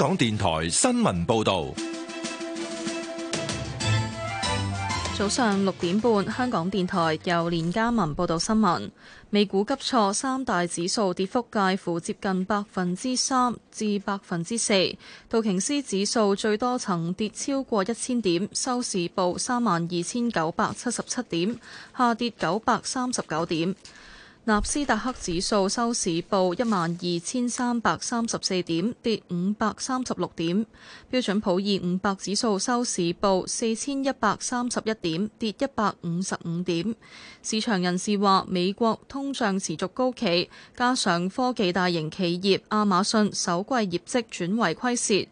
港電台新聞報道。早上六點半，香港電台由連家文報道新聞。美股急挫，三大指數跌幅介乎接近百分之三至百分之四。道瓊斯指數最多曾跌超過一千點，收市報三萬二千九百七十七點，下跌九百三十九點。納斯達克指數，收市報一萬二千三百三十四點，跌五百三十六點。標準普爾五百指數，收市報四千一百三十一點，跌一百五十五點。市場人士話，美國通脹持續高企，加上科技大型企業亞馬遜首季業績轉為虧蝕，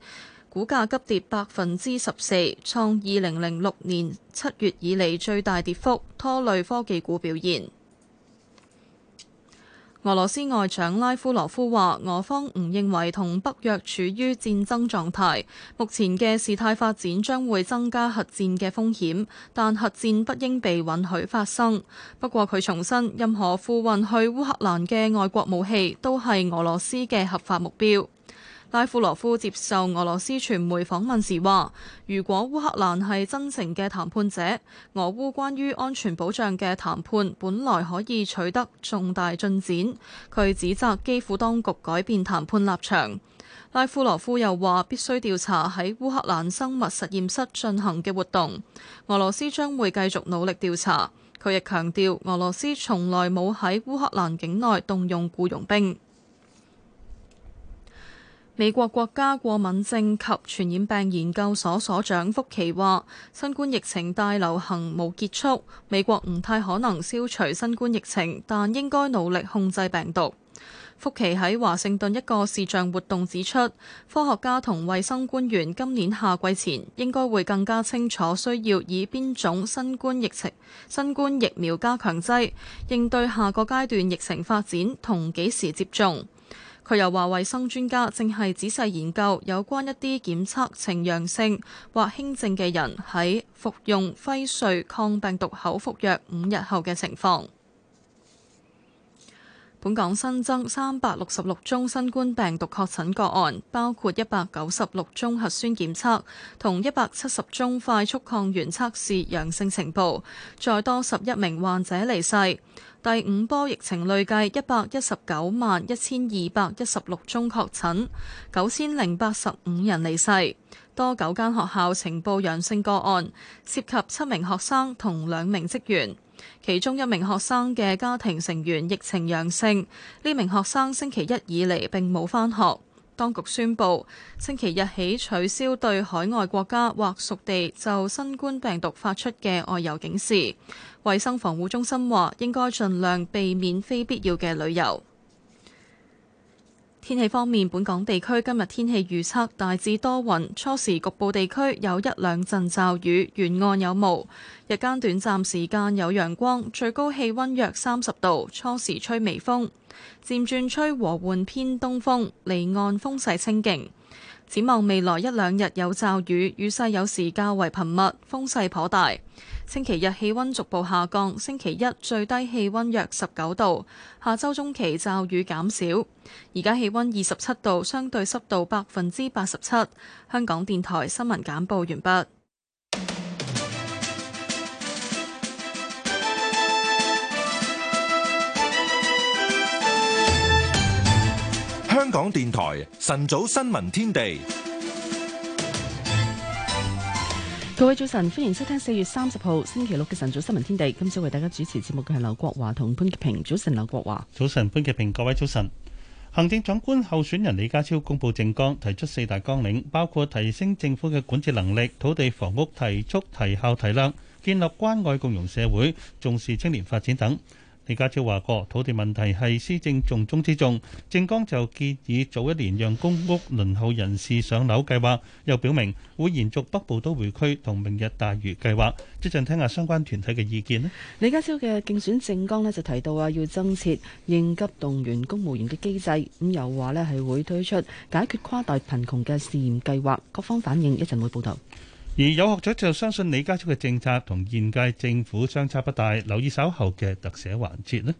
股價急跌百分之十四，創二零零六年七月以來最大跌幅，拖累科技股表現。俄羅斯外長拉夫羅夫話：俄方唔認為同北約處於戰爭狀態，目前嘅事態發展將會增加核戰嘅風險，但核戰不應被允許發生。不過佢重申，任何付運去烏克蘭嘅外國武器都係俄羅斯嘅合法目標。拉夫羅夫接受俄羅斯傳媒訪問時話，如果烏克蘭係真誠嘅談判者，俄烏關於安全保障嘅談判本來可以取得重大進展。佢指責基輔當局改變談判立場。拉夫羅夫又話，必須調查喺烏克蘭生物實驗室進行嘅活動。俄羅斯將會繼續努力調查。佢亦強調，俄羅斯從來冇喺烏克蘭境內動用僱傭兵。美國國家過敏症及傳染病研究所所長福奇話，新冠疫情大流行冇結束，美國唔太可能消除新冠疫情，但應該努力控制病毒。福奇喺華盛頓一個視像活動指出，科學家同衛生官員今年夏季前應該會更加清楚需要以邊種新冠疫情、新冠疫苗加強劑應對下個階段疫情發展同幾時接種。佢又話，衞生專家正係仔細研究有關一啲檢測呈陽性或輕症嘅人喺服用輝瑞抗病毒口服藥五日後嘅情況。本港新增三百六十六宗新冠病毒確診個案，包括一百九十六宗核酸檢測同一百七十宗快速抗原測試陽性呈報，再多十一名患者離世。第五波疫情累計一百一十九萬一千二百一十六宗確診，九千零八十五人離世，多九間學校呈報陽性個案，涉及七名學生同兩名職員。其中一名學生嘅家庭成員疫情陽性，呢名學生星期一以嚟並冇返學。當局宣布，星期日起取消對海外國家或屬地就新冠病毒發出嘅外遊警示。衛生防護中心話，應該盡量避免非必要嘅旅遊。天氣方面，本港地區今日天氣預測大致多雲，初時局部地區有一兩陣驟雨，沿岸有霧。日間短暫時間有陽光，最高氣溫約三十度，初時吹微風，漸轉吹和緩偏東風，離岸風勢清勁。展望未來一兩日有驟雨，雨勢有時較為頻密，風勢頗大。星期日氣温逐步下降，星期一最低氣温約十九度。下周中期驟雨減少。而家氣温二十七度，相對濕度百分之八十七。香港電台新聞簡報完畢。香港電台晨早新聞天地。各位早晨，歡迎收聽四月三十號星期六嘅晨早新聞天地。今朝為大家主持節目嘅係劉國華同潘潔平。早晨，劉國華。早晨，潘潔平。各位早晨。行政長官候選人李家超公布政綱，提出四大綱領，包括提升政府嘅管治能力、土地房屋提速提效提量、建立關愛共融社會、重視青年發展等。李家超話過，土地問題係施政重中之重。政綱就建議早一年讓公屋輪候人士上樓計劃，又表明會延續北部都會區同明日大嶼計劃。即陣聽下相關團體嘅意見咧。李家超嘅競選政綱呢就提到啊，要增設應急動員公務員嘅機制，咁又話呢係會推出解決跨代貧窮嘅試驗計劃。各方反應一陣會報導。而有學者就相信李家超嘅政策同現屆政府相差不大，留意稍後嘅特寫環節咧。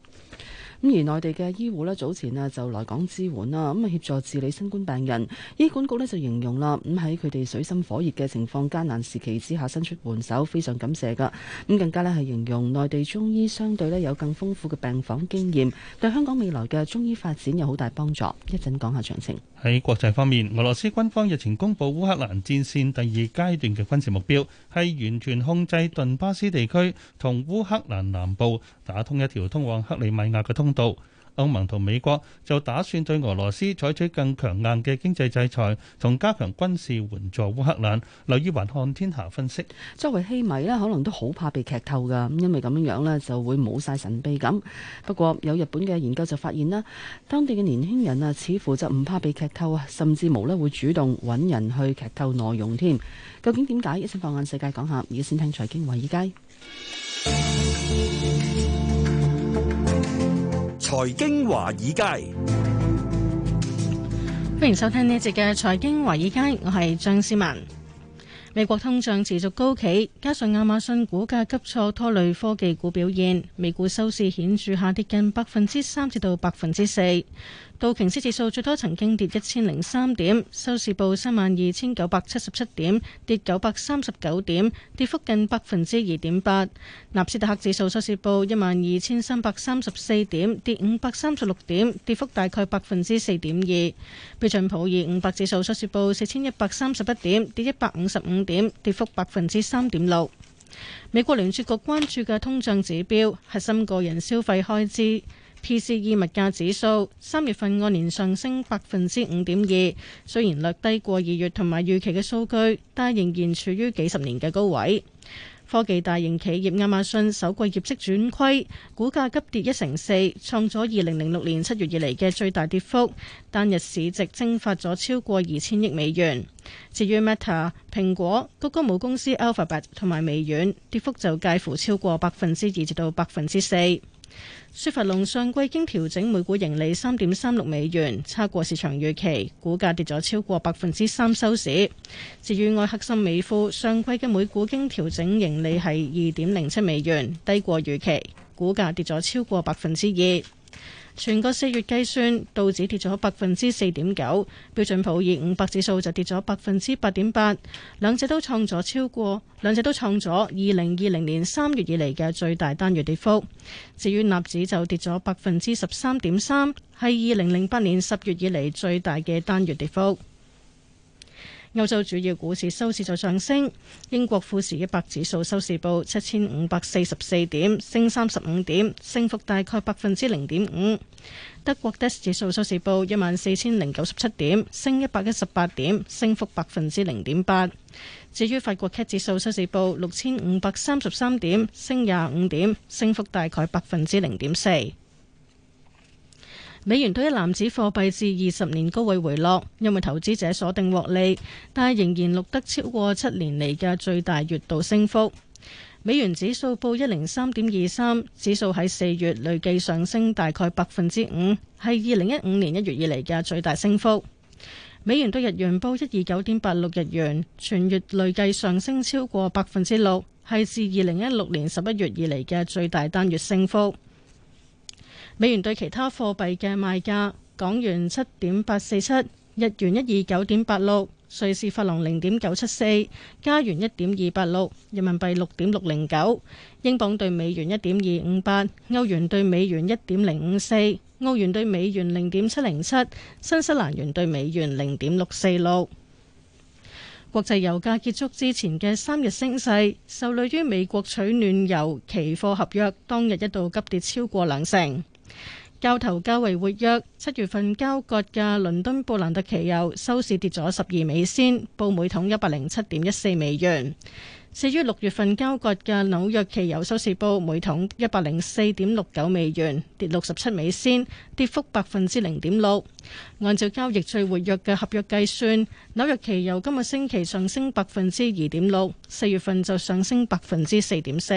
咁而內地嘅醫護呢，早前啊就來港支援啦，咁啊協助治理新冠病人。醫管局呢就形容啦，咁喺佢哋水深火熱嘅情況艱難時期之下，伸出援手非常感謝㗎。咁更加呢係形容內地中醫相對呢有更豐富嘅病房經驗，對香港未來嘅中醫發展有好大幫助。講一陣講下詳情。喺國際方面，俄羅斯軍方日前公布烏克蘭戰線第二階段嘅軍事目標，係完全控制頓巴斯地區同烏克蘭南部。打通一條通往克里米亞嘅通道，歐盟同美國就打算對俄羅斯採取更強硬嘅經濟制裁，同加強軍事援助烏克蘭。劉依雲看天下分析：作為戲迷咧，可能都好怕被劇透㗎，因為咁樣樣咧就會冇晒神秘感。不過有日本嘅研究就發現啦，當地嘅年輕人啊，似乎就唔怕被劇透啊，甚至無咧會主動揾人去劇透內容添。究竟點解？一聲放眼世界講下，而家先聽財經華爾街。財經華爾街，歡迎收聽呢一節嘅財經華爾街，我係張思文。美國通脹持續高企，加上亞馬遜股價急挫，拖累科技股表現，美股收市顯著下跌近百分之三至到百分之四。道瓊斯指數最多曾經跌一千零三點，收市報三萬二千九百七十七點，跌九百三十九點，跌幅近百分之二點八。納斯達克指數收市報一萬二千三百三十四點，跌五百三十六點，跌幅大概百分之四點二。標準普爾五百指數收市報四千一百三十一點，跌一百五十五點，跌幅百分之三點六。美國聯儲局關注嘅通脹指標核心個人消費開支。PCE 物價指數三月份按年上升百分之五點二，雖然略低過二月同埋預期嘅數據，但仍然處於幾十年嘅高位。科技大型企業亞馬遜首季業績轉虧，股價急跌一成四，創咗二零零六年七月以嚟嘅最大跌幅，單日市值蒸發咗超過二千億美元。至於 Meta、蘋果、谷歌母公司 Alphabet 同埋微軟，跌幅就介乎超過百分之二至到百分之四。雪佛龍上季經調整每股盈利三點三六美元，差過市場預期，股價跌咗超過百分之三收市。至於愛克森美孚，上季嘅每股經調整盈利係二點零七美元，低過預期，股價跌咗超過百分之二。全個四月計算，道指跌咗百分之四點九，標準普爾五百指數就跌咗百分之八點八，兩者都創咗超過，兩者都創咗二零二零年三月以嚟嘅最大單月跌幅。至於納指，就跌咗百分之十三點三，係二零零八年十月以嚟最大嘅單月跌幅。歐洲主要股市收市就上升，英國富時一百指數收市報七千五百四十四點，升三十五點，升幅大概百分之零點五。德國 DAX 指數收市報一萬四千零九十七點，升一百一十八點，升幅百分之零點八。至於法國 CAC 指數收市報六千五百三十三點，升廿五點，升幅大概百分之零點四。美元兌一籃子貨幣至二十年高位回落，因為投資者鎖定獲利，但係仍然錄得超過七年嚟嘅最大月度升幅。美元指數報一零三點二三，指數喺四月累計上升大概百分之五，係二零一五年一月以嚟嘅最大升幅。美元兌日元報一二九點八六日元，全月累計上升超過百分之六，係自二零一六年十一月以嚟嘅最大單月升幅。美元對其他貨幣嘅賣價：港元七點八四七，日元一二九點八六，瑞士法郎零點九七四，加元一點二八六，人民幣六點六零九，英鎊對美元一點二五八，歐元對美元一點零五四，澳元對美元零點七零七，新西蘭元對美元零點六四六。國際油價結束之前嘅三日升勢，受累於美國取暖油期貨合約當日一度急跌超過兩成。交投較為活躍，七月份交割嘅倫敦布蘭特期油收市跌咗十二美仙，報每桶一百零七點一四美元。至於六月份交割嘅紐約期油收市報每桶一百零四點六九美元，跌六十七美仙，跌幅百分之零點六。按照交易最活躍嘅合約計算，紐約期油今個星期上升百分之二點六，四月份就上升百分之四點四。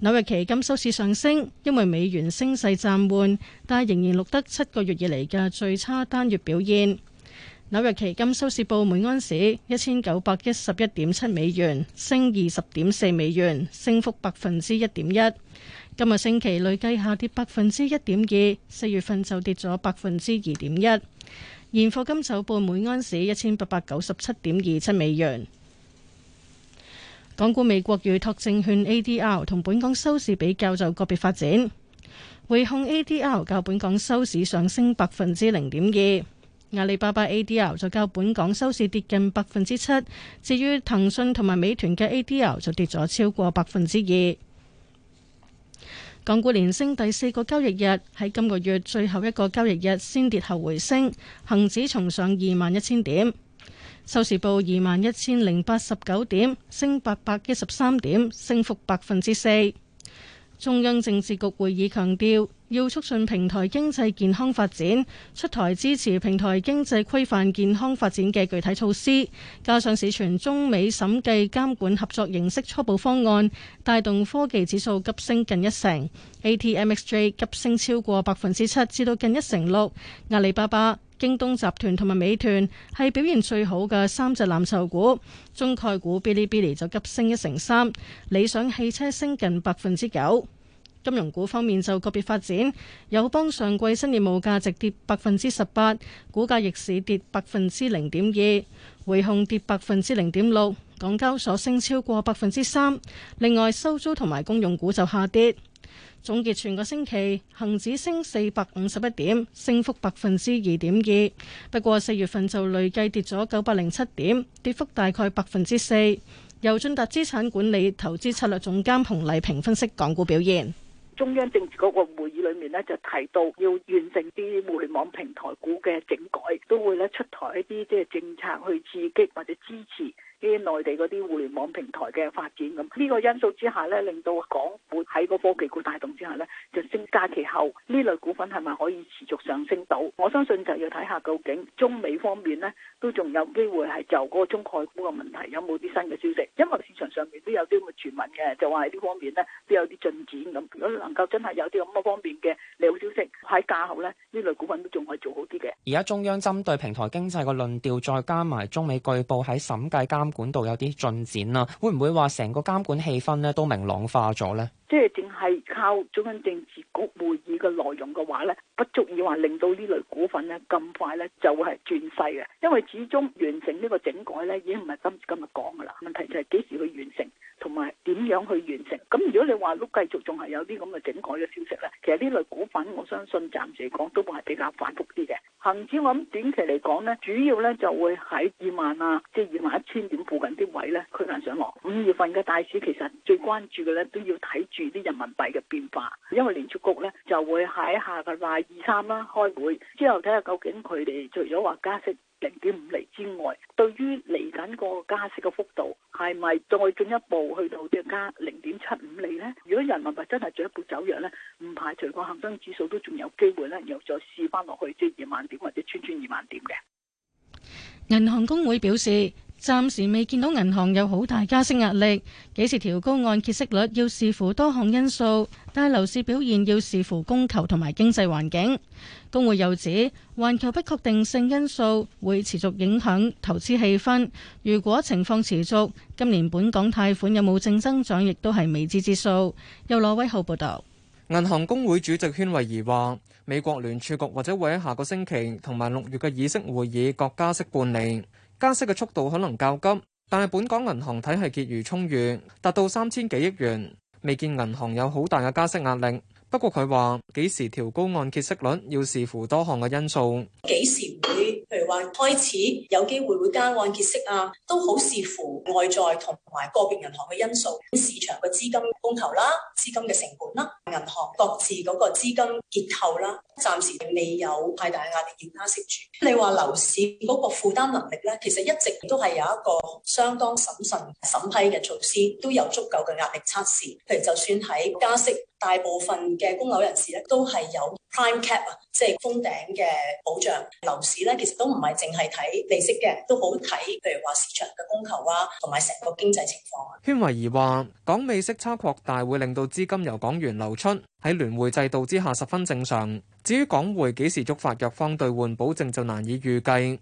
紐約期金收市上升，因為美元升勢暫緩，但仍然錄得七個月以嚟嘅最差單月表現。紐約期金收市報每安士一千九百一十一點七美元，升二十點四美元，升幅百分之一點一。今日星期累計下跌百分之一點二，四月份就跌咗百分之二點一。現貨金收報每安士一千八百九十七點二七美元。港股美國預託證券 ADR 同本港收市比較就個別發展，匯控 ADR 較本港收市上升百分之零點二，阿里巴巴 ADR 就較本港收市跌近百分之七，至於騰訊同埋美團嘅 ADR 就跌咗超過百分之二。港股連升第四個交易日，喺今個月最後一個交易日先跌後回升，恒指重上二萬一千點。收市報二萬一千零八十九點，升八百一十三點，升幅百分之四。中央政治局會議強調，要促進平台經濟健康發展，出台支持平台經濟規範健康發展嘅具體措施。加上市傳中美審計監管合作形式初步方案，帶動科技指數急升近一成，ATMXJ 急升超過百分之七，至到近一成六。阿里巴巴、京東集團同埋美團係表現最好嘅三隻藍籌股，中概股 Bilibili 就急升一成三，理想汽車升近百分之九。金融股方面就個別發展，友邦上季新業務價值跌百分之十八，股價逆市跌百分之零點二，匯控跌百分之零點六，港交所升超過百分之三。另外，收租同埋公用股就下跌。總結全個星期，恒指升四百五十一點，升幅百分之二點二。不過四月份就累計跌咗九百零七點，跌幅大概百分之四。由駿達資產管理投資策略總監洪麗萍分析港股表現。中央政治局個會議裏面呢，就提到要完成啲互聯網平台股嘅整改，都會咧出台一啲即係政策去刺激或者支持，啲內地嗰啲互聯網平台嘅發展咁，呢個因素之下咧，令到港股喺個科技股帶動之下咧，就升價。其後呢類股份係咪可以持續上升到？我相信就要睇下究竟中美方面呢都仲有機會係就嗰個中概股嘅問題有冇啲新嘅消息？因為市場上面都有啲咁嘅傳聞嘅，就話喺呢方面呢都有啲進展咁。如果能夠真係有啲咁嘅方面嘅利好消息喺架後咧，呢類股份都仲可以做好啲嘅。而家中央針對平台經濟嘅論調，再加埋中美據報喺審計監。監管度有啲進展啦、啊，會唔會話成個監管氣氛咧都明朗化咗咧？即係淨係靠中央政治局會議嘅內容嘅話咧。不足以話令到呢類股份咧咁快咧就會係轉勢嘅，因為始終完成呢個整改咧已經唔係今時今日講噶啦，問題就係幾時去完成同埋點樣去完成。咁如果你話都繼續仲係有啲咁嘅整改嘅消息咧，其實呢類股份我相信暫時嚟講都仲係比較反覆啲嘅。恆指我諗短期嚟講咧，主要咧就會喺二萬啊，即係二萬一千點附近啲位咧，佢向上落。五月份嘅大市其實最關注嘅咧都要睇住啲人民幣嘅變化，因為聯儲局咧就會喺下個禮二三啦，開會之後睇下究竟佢哋除咗話加息零點五厘之外，對於嚟緊個加息嘅幅度係咪再進一步去到即係加零點七五厘呢？如果人民幣真係進一步走弱呢，唔排除個恒生指數都仲有機會呢，又再試翻落去即係二萬點或者穿穿二萬點嘅。銀行公會表示，暫時未見到銀行有好大加息壓力，幾時調高按揭息率要視乎多項因素，但係樓市表現要視乎供求同埋經濟環境。公會又指，環球不確定性因素會持續影響投資氣氛。如果情況持續，今年本港貸款有冇正增長亦都係未知之數。由羅威浩報導。銀行公會主席禤惠儀話：美國聯儲局或者會喺下個星期同埋六月嘅議息會議各加息半釐。加息嘅速度可能較急，但係本港銀行體系結餘充裕，達到三千幾億元，未見銀行有好大嘅加息壓力。不過佢話幾時調高按揭息率，要視乎多項嘅因素。幾時會，譬如話開始有機會會加按揭息啊，都好視乎外在同埋個別銀行嘅因素，市場嘅資金供求啦，資金嘅成本啦，銀行各自嗰個資金結構啦。暫時未有太大壓力要加息住。你話樓市嗰個負擔能力咧，其實一直都係有一個相當審慎審批嘅措施，都有足夠嘅壓力測試。譬如就算喺加息。大部分嘅供樓人士咧都係有 prime cap 啊，即係封頂嘅保障。樓市咧，其實都唔係淨係睇利息嘅，都好睇。譬如話市場嘅供求啊，同埋成個經濟情況啊。宣維儀話：港美息差擴大會令到資金由港元流出，喺聯匯制度之下十分正常。至於港匯幾時觸發弱方兌換保證，就難以預計。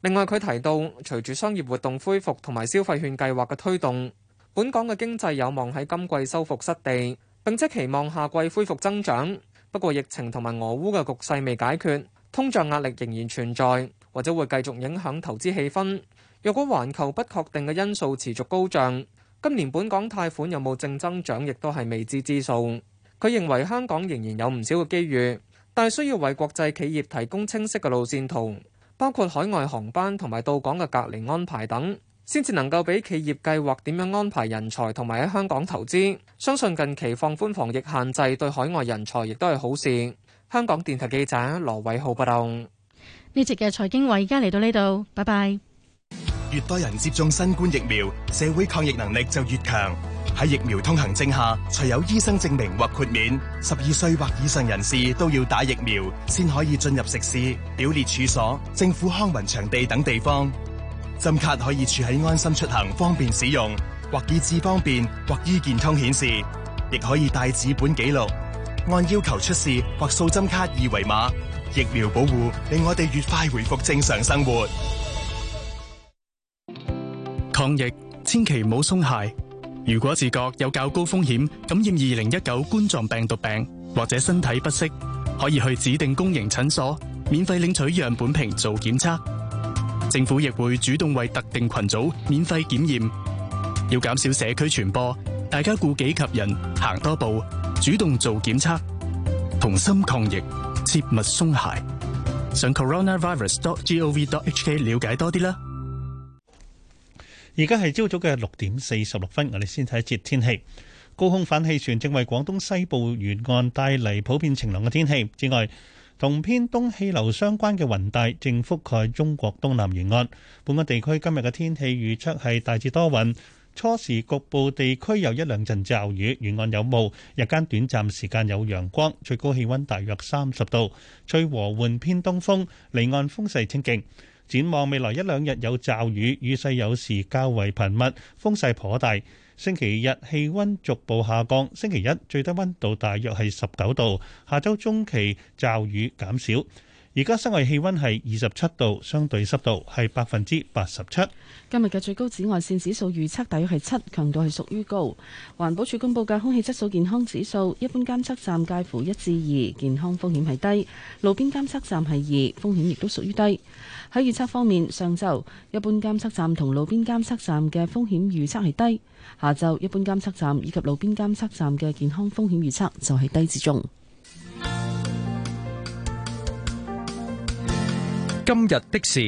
另外佢提到，隨住商業活動恢復同埋消費券計劃嘅推動，本港嘅經濟有望喺今季收復失地。並且期望下季恢復增長，不過疫情同埋俄烏嘅局勢未解決，通脹壓力仍然存在，或者會繼續影響投資氣氛。若果環球不確定嘅因素持續高漲，今年本港貸款有冇正增長亦都係未知之數。佢認為香港仍然有唔少嘅機遇，但係需要為國際企業提供清晰嘅路線圖，包括海外航班同埋到港嘅隔離安排等。先至能夠俾企業計劃點樣安排人才同埋喺香港投資，相信近期放寬防疫限制對海外人才亦都係好事。香港電台記者羅偉浩報道。呢節嘅財經匯而家嚟到呢度，拜拜。越多人接種新冠疫苗，社會抗疫能力就越強。喺疫苗通行證下，除有醫生證明或豁免，十二歲或以上人士都要打疫苗先可以進入食肆、表列處所、政府康文場地等地方。針卡可以儲喺安心出行方便使用，或以智方便，或醫健通顯示，亦可以帶紙本記錄，按要求出示或掃針卡二維碼。疫苗保護令我哋越快回復正常生活。抗疫千祈唔好鬆懈，如果自覺有較高風險感染二零一九冠狀病毒病或者身體不適，可以去指定公營診所免費領取樣本瓶做檢測。政府亦會主動為特定群組免費檢驗，要減少社區傳播，大家顧己及人，行多步，主動做檢測，同心抗疫，切勿鬆懈。上 coronavirus.gov.hk 了解多啲啦。而家係朝早嘅六點四十六分，我哋先睇一節天氣。高空反氣旋正為廣東西部沿岸帶嚟普遍晴朗嘅天氣，之外。同偏東氣流相關嘅雲帶正覆蓋中國東南沿岸。本港地區今日嘅天氣預測係大致多雲，初時局部地區有一兩陣驟雨，沿岸有霧，日間短暫時間有陽光，最高氣温大約三十度。吹和緩偏東風，離岸風勢清勁。展望未來一兩日有驟雨，雨勢有時較為頻密，風勢頗大。星期日氣温逐步下降，星期一最低温度大約係十九度，下周中期驟雨減少。而家室外氣溫係二十七度，相對濕度係百分之八十七。今日嘅最高紫外線指數預測大約係七，強度係屬於高。環保署公佈嘅空氣質素健康指數，一般監測站介乎一至二，健康風險係低；路邊監測站係二，風險亦都屬於低。喺預測方面，上晝一般監測站同路邊監測站嘅風險預測係低；下晝一般監測站以及路邊監測站嘅健康風險預測就係低至中。今日的事，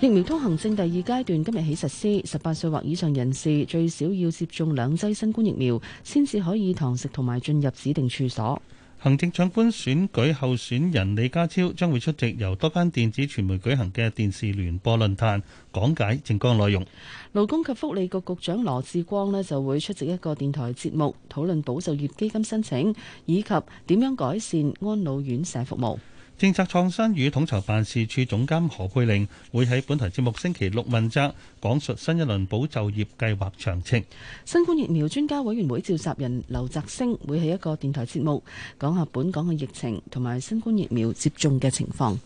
疫苗通行證第二階段今日起實施，十八歲或以上人士最少要接種兩劑新冠疫苗，先至可以堂食同埋進入指定處所。行政長官選舉候選人李家超將會出席由多間電子傳媒舉行嘅電視聯播論壇，講解政綱內容。勞工及福利局局長羅志光呢就會出席一個電台節目，討論保就業基金申請以及點樣改善安老院舍服務。政策創新與統籌辦事處總監何佩玲會喺本台節目星期六問責，講述新一輪保就業計劃詳情。新冠疫苗專家委員會召集人劉澤星會喺一個電台節目講下本港嘅疫情同埋新冠疫苗接種嘅情況。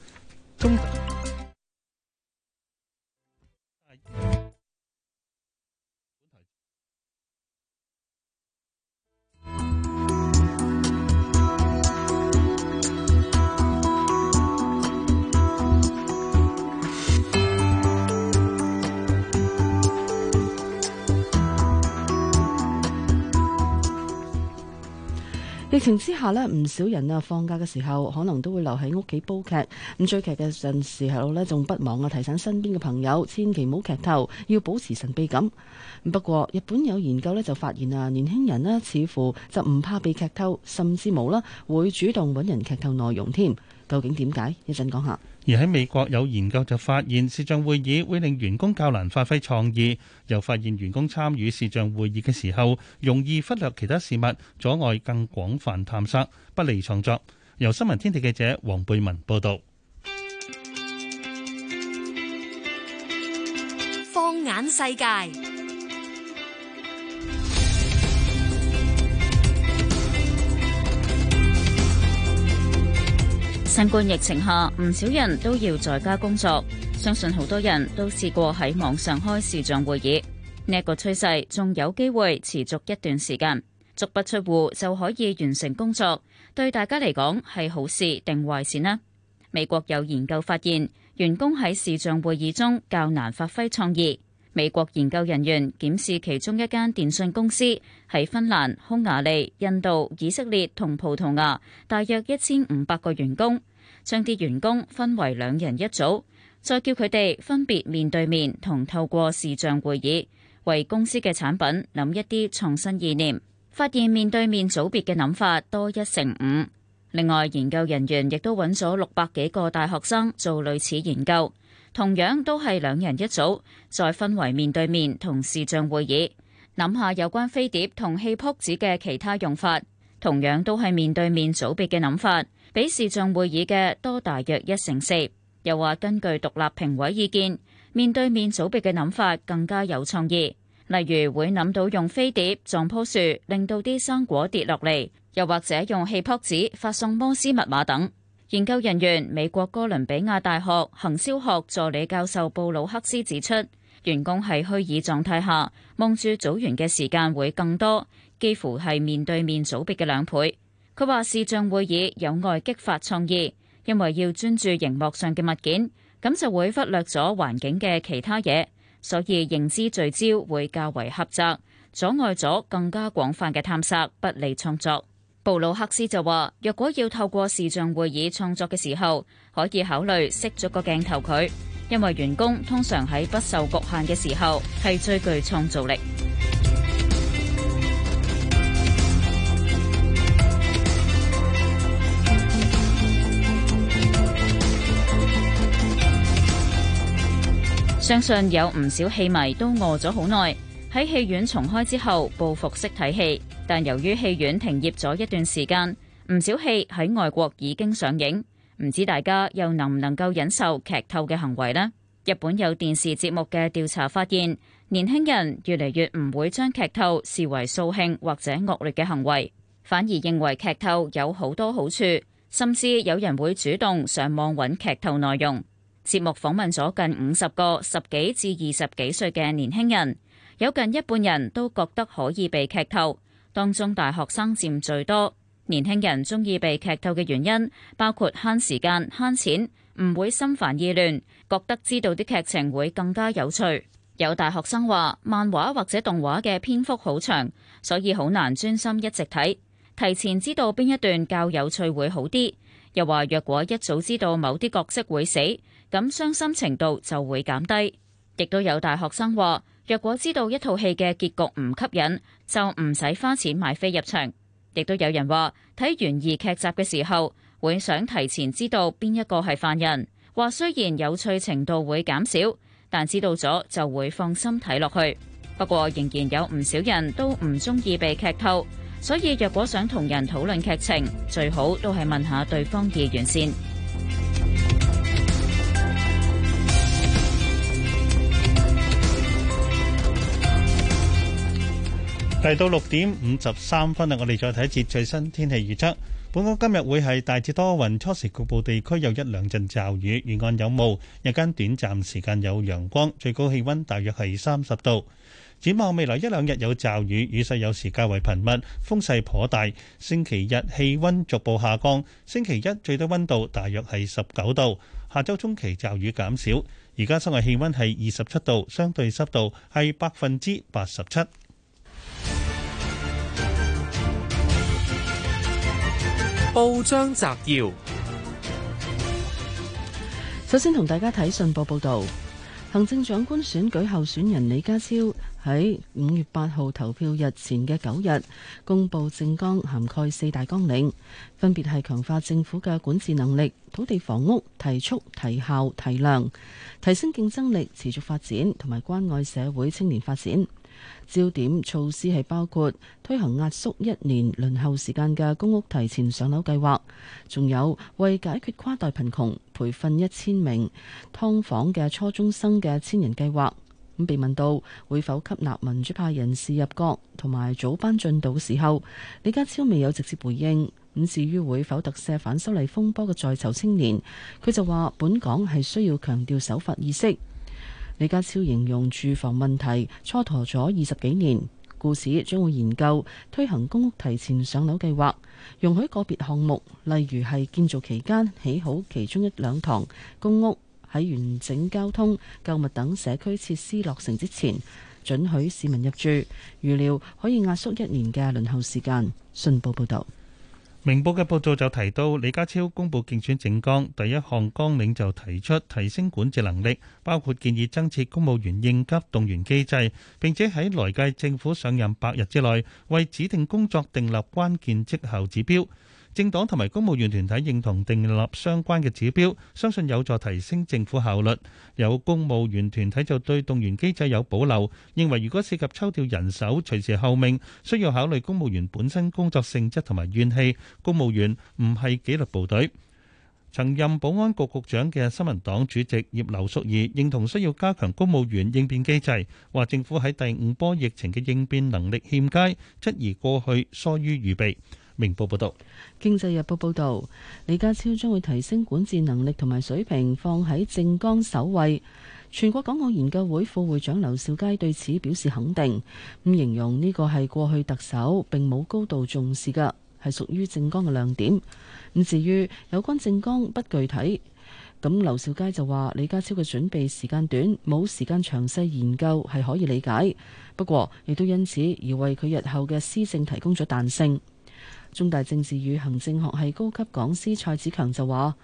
疫情之下咧，唔少人啊放假嘅時候可能都會留喺屋企煲劇。咁追劇嘅陣時候咧，仲不忘啊提醒身邊嘅朋友，千祈唔好劇透，要保持神秘感。不過日本有研究咧就發現啊，年輕人咧似乎就唔怕被劇透，甚至冇啦，會主動揾人劇透內容添。究竟點解？一陣講下。而喺美國有研究就發現視像會議會令員工較難發揮創意，又發現員工參與視像會議嘅時候，容易忽略其他事物，阻礙更廣泛探索，不利創作。由新聞天地記者黃貝文報導。放眼世界。新冠疫情下，唔少人都要在家工作，相信好多人都試過喺網上開視像會議。呢個趨勢仲有機會持續一段時間，足不出戶就可以完成工作，對大家嚟講，係好事定壞事呢？美國有研究發現，員工喺視像會議中較難發揮創意。美國研究人員檢視其中一間電信公司，喺芬蘭、匈牙利、印度、以色列同葡萄牙，大約一千五百個員工，將啲員工分為兩人一組，再叫佢哋分別面對面同透過視像會議，為公司嘅產品諗一啲創新意念。發現面對面組別嘅諗法多一成五。另外，研究人員亦都揾咗六百幾個大學生做類似研究。同樣都係兩人一組，再分為面對面同視像會議，諗下有關飛碟同氣泡紙嘅其他用法。同樣都係面對面組別嘅諗法，比視像會議嘅多大約一成四。又話根據獨立評委意見，面對面組別嘅諗法更加有創意，例如會諗到用飛碟撞棵樹，令到啲生果跌落嚟，又或者用氣泡紙發送摩斯密碼等。研究人員美國哥倫比亞大學行銷學助理教授布魯克斯指出，員工喺虛擬狀態下望住組員嘅時間會更多，幾乎係面對面組別嘅兩倍。佢話視像會議有礙激發創意，因為要專注熒幕上嘅物件，咁就會忽略咗環境嘅其他嘢，所以認知聚焦會較為狹窄，阻礙咗更加廣泛嘅探索，不利創作。布魯克斯就話，若果要透過視像會議創作嘅時候，可以考慮熄咗個鏡頭佢，因為員工通常喺不受局限嘅時候係最具創造力。 相信有唔少戲迷都餓咗好耐。喺戲院重開之後報復式睇戲，但由於戲院停業咗一段時間，唔少戲喺外國已經上映，唔知大家又能唔能夠忍受劇透嘅行為呢？日本有電視節目嘅調查發現，年輕人越嚟越唔會將劇透視為掃興或者惡劣嘅行為，反而認為劇透有好多好處，甚至有人會主動上網搵劇透內容。節目訪問咗近有近一半人都覺得可以被劇透，當中大學生佔最多。年輕人中意被劇透嘅原因包括慳時間、慳錢，唔會心煩意亂，覺得知道啲劇情會更加有趣。有大學生話漫畫或者動畫嘅篇幅好長，所以好難專心一直睇。提前知道邊一段較有趣會好啲。又話若果一早知道某啲角色會死，咁傷心程度就會減低。亦都有大學生話，若果知道一套戲嘅結局唔吸引，就唔使花錢買飛入場。亦都有人話睇懸疑劇集嘅時候，會想提前知道邊一個係犯人。話雖然有趣程度會減少，但知道咗就會放心睇落去。不過仍然有唔少人都唔中意被劇透，所以若果想同人討論劇情，最好都係問下對方意願先。嚟到六點五十三分啦，我哋再睇一節最新天氣預測。本港今日會係大致多雲，初時局部地區有一兩陣驟雨，沿岸有霧，日間短暫時間有陽光，最高氣溫大約係三十度。展望未來一兩日有驟雨，雨勢有時較為頻密，風勢頗大。星期日氣溫逐步下降，星期一最低溫度大約係十九度。下周中期驟雨減少，而家室外氣溫係二十七度，相對濕度係百分之八十七。報章摘要：首先同大家睇信報報道，行政長官選舉候選人李家超喺五月八號投票日前嘅九日公布政綱，涵蓋四大綱領，分別係強化政府嘅管治能力、土地房屋提速、提效、提量、提升競爭力、持續發展同埋關愛社會青年發展。焦點措施係包括推行壓縮一年輪候時間嘅公屋提前上樓計劃，仲有為解決跨代貧窮，培訓一千名劏房嘅初中生嘅千人計劃。被問到會否吸納民主派人士入閣同埋早班進度嘅時候，李家超未有直接回應。咁至於會否特赦反修例風波嘅在囚青年，佢就話本港係需要強調守法意識。李家超形容住房問題蹉跎咗二十幾年，故此將會研究推行公屋提前上樓計劃，容許個別項目，例如係建造期間起好其中一兩堂公屋，喺完整交通、購物等社區設施落成之前，准許市民入住，預料可以壓縮一年嘅輪候時間。信報報道。明報嘅報道就提到，李家超公佈競選政綱，第一項綱領就提出提升管治能力，包括建議增設公務員應急動員機制，並且喺來屆政府上任百日之內，為指定工作訂立關鍵績效指標。政黨同埋公務員團體認同訂立相關嘅指標，相信有助提升政府效率。有公務員團體就對動員機制有保留，認為如果涉及抽調人手隨時候命，需要考慮公務員本身工作性質同埋怨氣。公務員唔係紀律部隊。曾任保安局局長嘅新民黨主席葉劉淑儀認同需要加強公務員應變機制，話政府喺第五波疫情嘅應變能力欠佳，質疑過去疏於預備。明報報道，《經濟日報》報道，李家超將會提升管治能力同埋水平，放喺政綱首位。全國港澳研究會副會長劉兆佳對此表示肯定，咁、嗯、形容呢個係過去特首並冇高度重視嘅，係屬於政綱嘅亮點。咁、嗯、至於有關政綱不具體，咁劉兆佳就話李家超嘅準備時間短，冇時間詳細研究係可以理解，不過亦都因此而為佢日後嘅施政提供咗彈性。中大政治與行政學系高級講師蔡子強就話：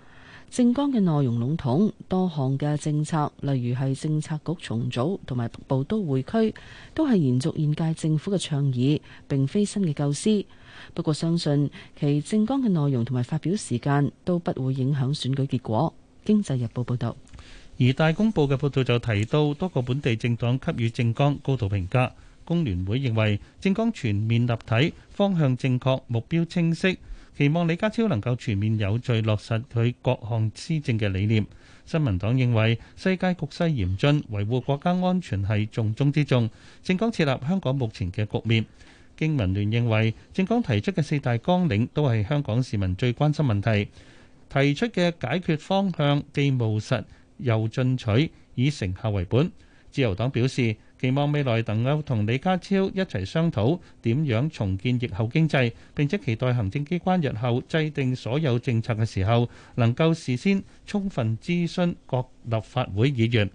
政綱嘅內容籠統，多項嘅政策，例如係政策局重組同埋北部都會區，都係延續現屆政府嘅倡議，並非新嘅構思。不過相信其政綱嘅內容同埋發表時間都不會影響選舉結果。經濟日報報導，而大公報嘅報道就提到，多個本地政黨給予政綱高度評價。工聯會認為政綱全面立體，方向正確，目標清晰，期望李家超能夠全面有序落實佢各項施政嘅理念。新民黨認為世界局勢嚴峻，維護國家安全係重中之重。政綱設立香港目前嘅局面。經民聯認為政綱提出嘅四大綱領都係香港市民最關心問題，提出嘅解決方向既務實又進取，以成效為本。自由黨表示。期望未來能夠同李家超一齊商討點樣重建疫後經濟，並且期待行政機關日後制定所有政策嘅時候，能夠事先充分諮詢各立法會議員。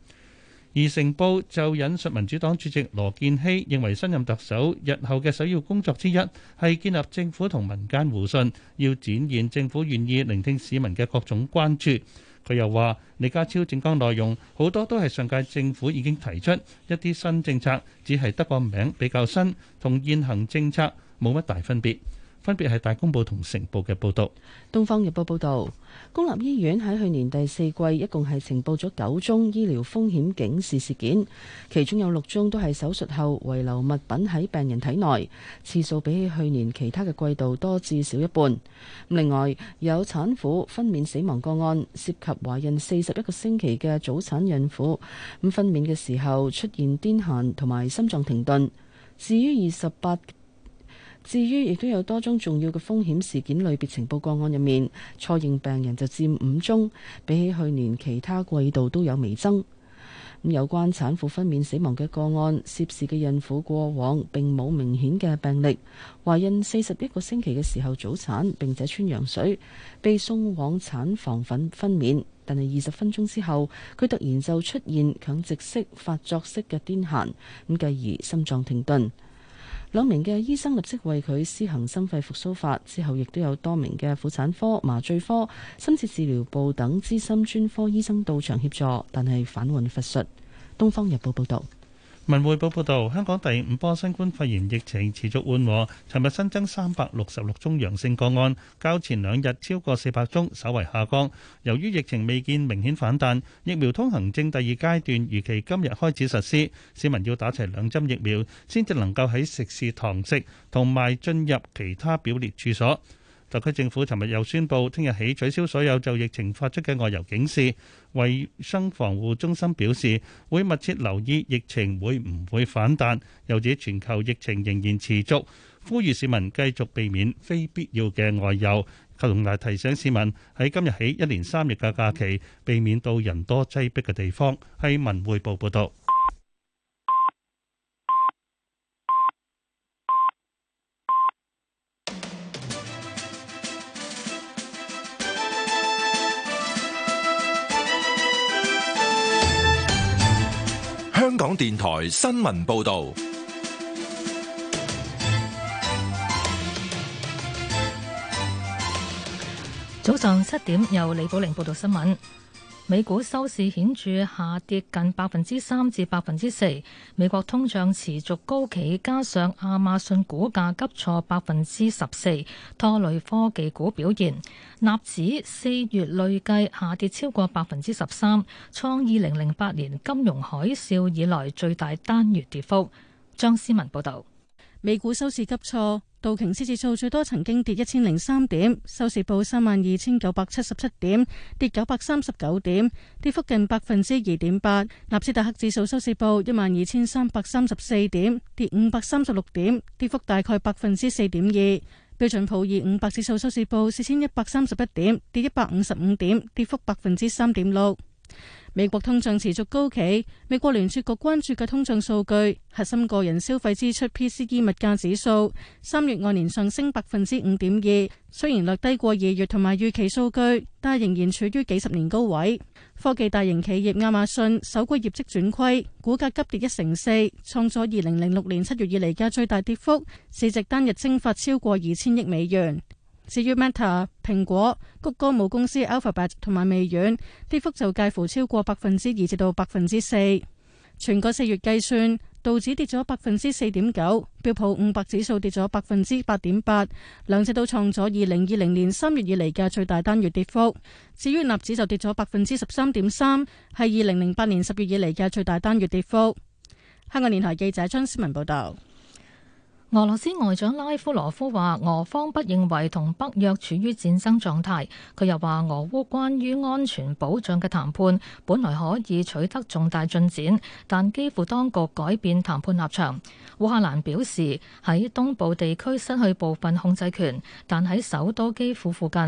而成報就引述民主黨主席羅建熙認為，新任特首日後嘅首要工作之一係建立政府同民間互信，要展現政府願意聆聽市民嘅各種關注。佢又話：李家超政綱內容好多都係上屆政府已經提出一啲新政策，只係得個名比較新，同現行政策冇乜大分別。分別係大公報同成報嘅報導。《東方日報》報導，公立醫院喺去年第四季一共係呈報咗九宗醫療風險警示事件，其中有六宗都係手術後遺留物品喺病人體內，次數比起去年其他嘅季度多至少一半。另外有產婦分娩死亡個案，涉及懷孕四十一個星期嘅早產孕婦，咁分娩嘅時候出現癲癇同埋心臟停頓。至於二十八。至於亦都有多宗重要嘅風險事件類別情報個案入面，錯認病人就佔五宗，比起去年其他季度都有微增。咁有關產婦分娩死亡嘅個案，涉事嘅孕婦過往並冇明顯嘅病歷，懷孕四十一個星期嘅時候早產並且穿羊水，被送往產房粉分分娩，但係二十分鐘之後，佢突然就出現強直式發作式嘅癲癇，咁繼而心臟停頓。兩名嘅醫生立即為佢施行心肺復甦法，之後亦都有多名嘅婦產科、麻醉科、深切治療部等資深專科醫生到場協助，但係返魂乏術。《東方日報》報道。文匯報報道，香港第五波新冠肺炎疫情持續緩和，尋日新增三百六十六宗陽性個案，較前兩日超過四百宗，稍為下降。由於疫情未見明顯反彈，疫苗通行證第二階段預期今日開始實施，市民要打齊兩針疫苗，先至能夠喺食肆堂食同埋進入其他表列處所。特區政府尋日又宣布，聽日起取消所有就疫情發出嘅外遊警示。衞生防護中心表示，會密切留意疫情會唔會反彈，又指全球疫情仍然持續，呼籲市民繼續避免非必要嘅外遊。邱同大提醒市民喺今日起一連三日嘅假期，避免到人多擠迫嘅地方。係文匯報報道。香港電台新聞報道。早上七點，由李寶玲報道新聞。美股收市顯著下跌近百分之三至百分之四，美國通脹持續高企，加上亞馬遜股價急挫百分之十四，拖累科技股表現。納指四月累計下跌超過百分之十三，創二零零八年金融海嘯以來最大單月跌幅。張思文報道。美股收市急挫，道瓊斯指數最多曾經跌一千零三點，收市報三萬二千九百七十七點，跌九百三十九點，跌幅近百分之二點八。納斯達克指數收市報一萬二千三百三十四點，跌五百三十六點，跌幅大概百分之四點二。標準普爾五百指數收市報四千一百三十一點，跌一百五十五點，跌幅百分之三點六。美國通脹持續高企，美國聯儲局關注嘅通脹數據核心個人消費支出 （PCE） 物價指數三月按年上升百分之五點二，雖然略低過二月同埋預期數據，但仍然處於幾十年高位。科技大型企業亞馬遜首季業績轉虧，股價急跌一成四，創咗二零零六年七月以嚟嘅最大跌幅，市值單日蒸發超過二千億美元。至於 Meta、蘋果、谷歌母公司 Alphabet 同埋微軟，跌幅就介乎超過百分之二至到百分之四。全個四月計算，道指跌咗百分之四點九，標普五百指數跌咗百分之八點八，兩者都創咗二零二零年三月以嚟嘅最大單月跌幅。至於納指就跌咗百分之十三點三，係二零零八年十月以嚟嘅最大單月跌幅。香港電台記者張思文報道。俄羅斯外長拉夫羅夫話：俄方不認為同北約處於戰爭狀態。佢又話：俄烏關於安全保障嘅談判本來可以取得重大進展，但基輔當局改變談判立場。烏克蘭表示喺東部地區失去部分控制權，但喺首都基輔附近，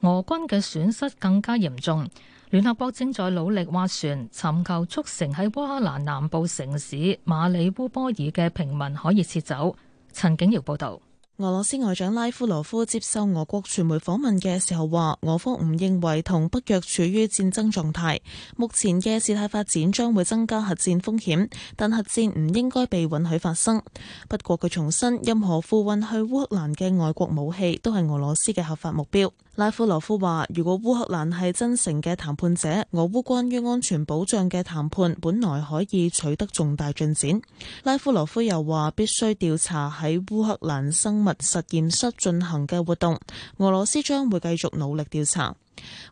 俄軍嘅損失更加嚴重。聯合國正在努力斡旋，尋求促成喺烏克蘭南部城市馬里烏波爾嘅平民可以撤走。陳景瑤報導。俄羅斯外長拉夫羅夫接受俄國傳媒訪問嘅時候話，俄方唔認為同北約處於戰爭狀態，目前嘅事態發展將會增加核戰風險，但核戰唔應該被允許發生。不過佢重申，任何付運去烏克蘭嘅外國武器都係俄羅斯嘅合法目標。拉夫羅夫話，如果烏克蘭係真誠嘅談判者，俄烏關於安全保障嘅談判本來可以取得重大進展。拉夫羅夫又話，必須調查喺烏克蘭生物實驗室進行嘅活動，俄羅斯將會繼續努力調查。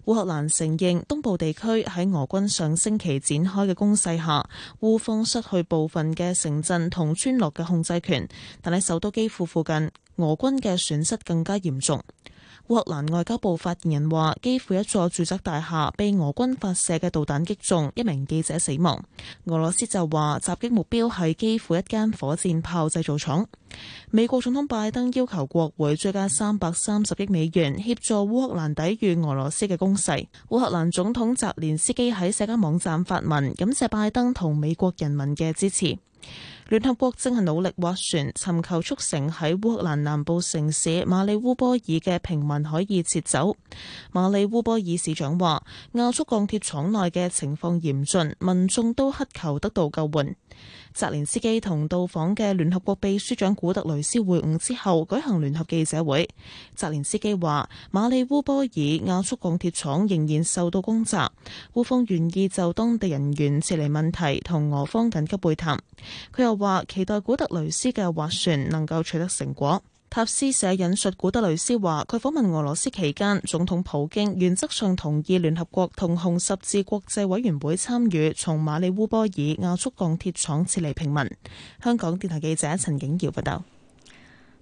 烏克蘭承認東部地區喺俄軍上星期展開嘅攻勢下，烏方失去部分嘅城鎮同村落嘅控制權，但喺首都基輔附近，俄軍嘅損失更加嚴重。烏克蘭外交部發言人話，基輔一座住宅大廈被俄軍發射嘅導彈擊中，一名記者死亡。俄羅斯就話襲擊目標係基輔一間火箭炮製造廠。美國總統拜登要求國會追加三百三十億美元協助烏克蘭抵禦俄羅斯嘅攻勢。烏克蘭總統澤連斯基喺社交網站發文感謝拜登同美國人民嘅支持。聯合國正係努力划船，尋求促成喺烏克蘭南部城市馬里烏波爾嘅平民可以撤走。馬里烏波爾市長話：亞速鋼鐵廠內嘅情況嚴峻，民眾都乞求得到救援。澤連斯基同到訪嘅聯合國秘書長古特雷斯會晤之後，舉行聯合記者會。澤連斯基話：馬里烏波爾亞速鋼鐵廠仍然受到攻襲，烏方願意就當地人員撤離問題同俄方緊急會談。佢又話期待古德雷斯嘅斡旋能夠取得成果。塔斯社引述古德雷斯話：佢訪問俄羅斯期間，總統普京原則上同意聯合國同紅十字國際委員會參與從馬里烏波爾亞速鋼鐵廠撤離平民。香港電台記者陳景瑤報道。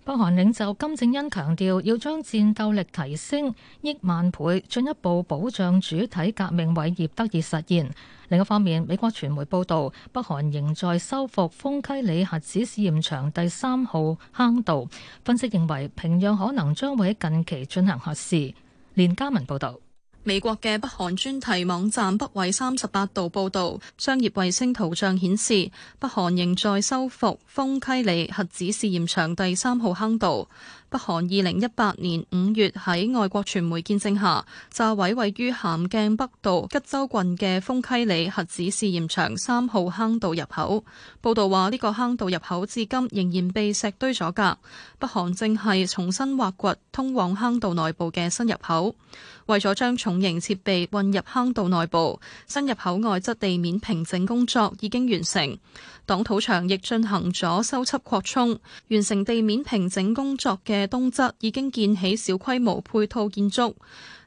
北韓領袖金正恩強調，要將戰鬥力提升億萬倍，進一步保障主體革命偉業得以實現。另一方面，美國傳媒報導，北韓仍在修復豐溪里核子試驗場第三號坑道，分析認為，平壤可能將會喺近期進行核試。連家文報道。美國嘅北韓專題網站《北緯三十八度》報道，商業衛星圖像顯示，北韓仍在修復豐溪里核子試驗場第三號坑道。北韓二零一八年五月喺外國傳媒見證下炸毀位於咸鏡北道吉州郡嘅豐溪里核子試驗場三號坑道入口。報道話呢個坑道入口至今仍然被石堆阻隔，北韓正係重新挖掘，通往坑道內部嘅新入口。為咗將重型設備運入坑道內部，新入口外側地面平整工作已經完成，擋土牆亦進行咗修葺擴充，完成地面平整工作嘅東側已經建起小規模配套建築，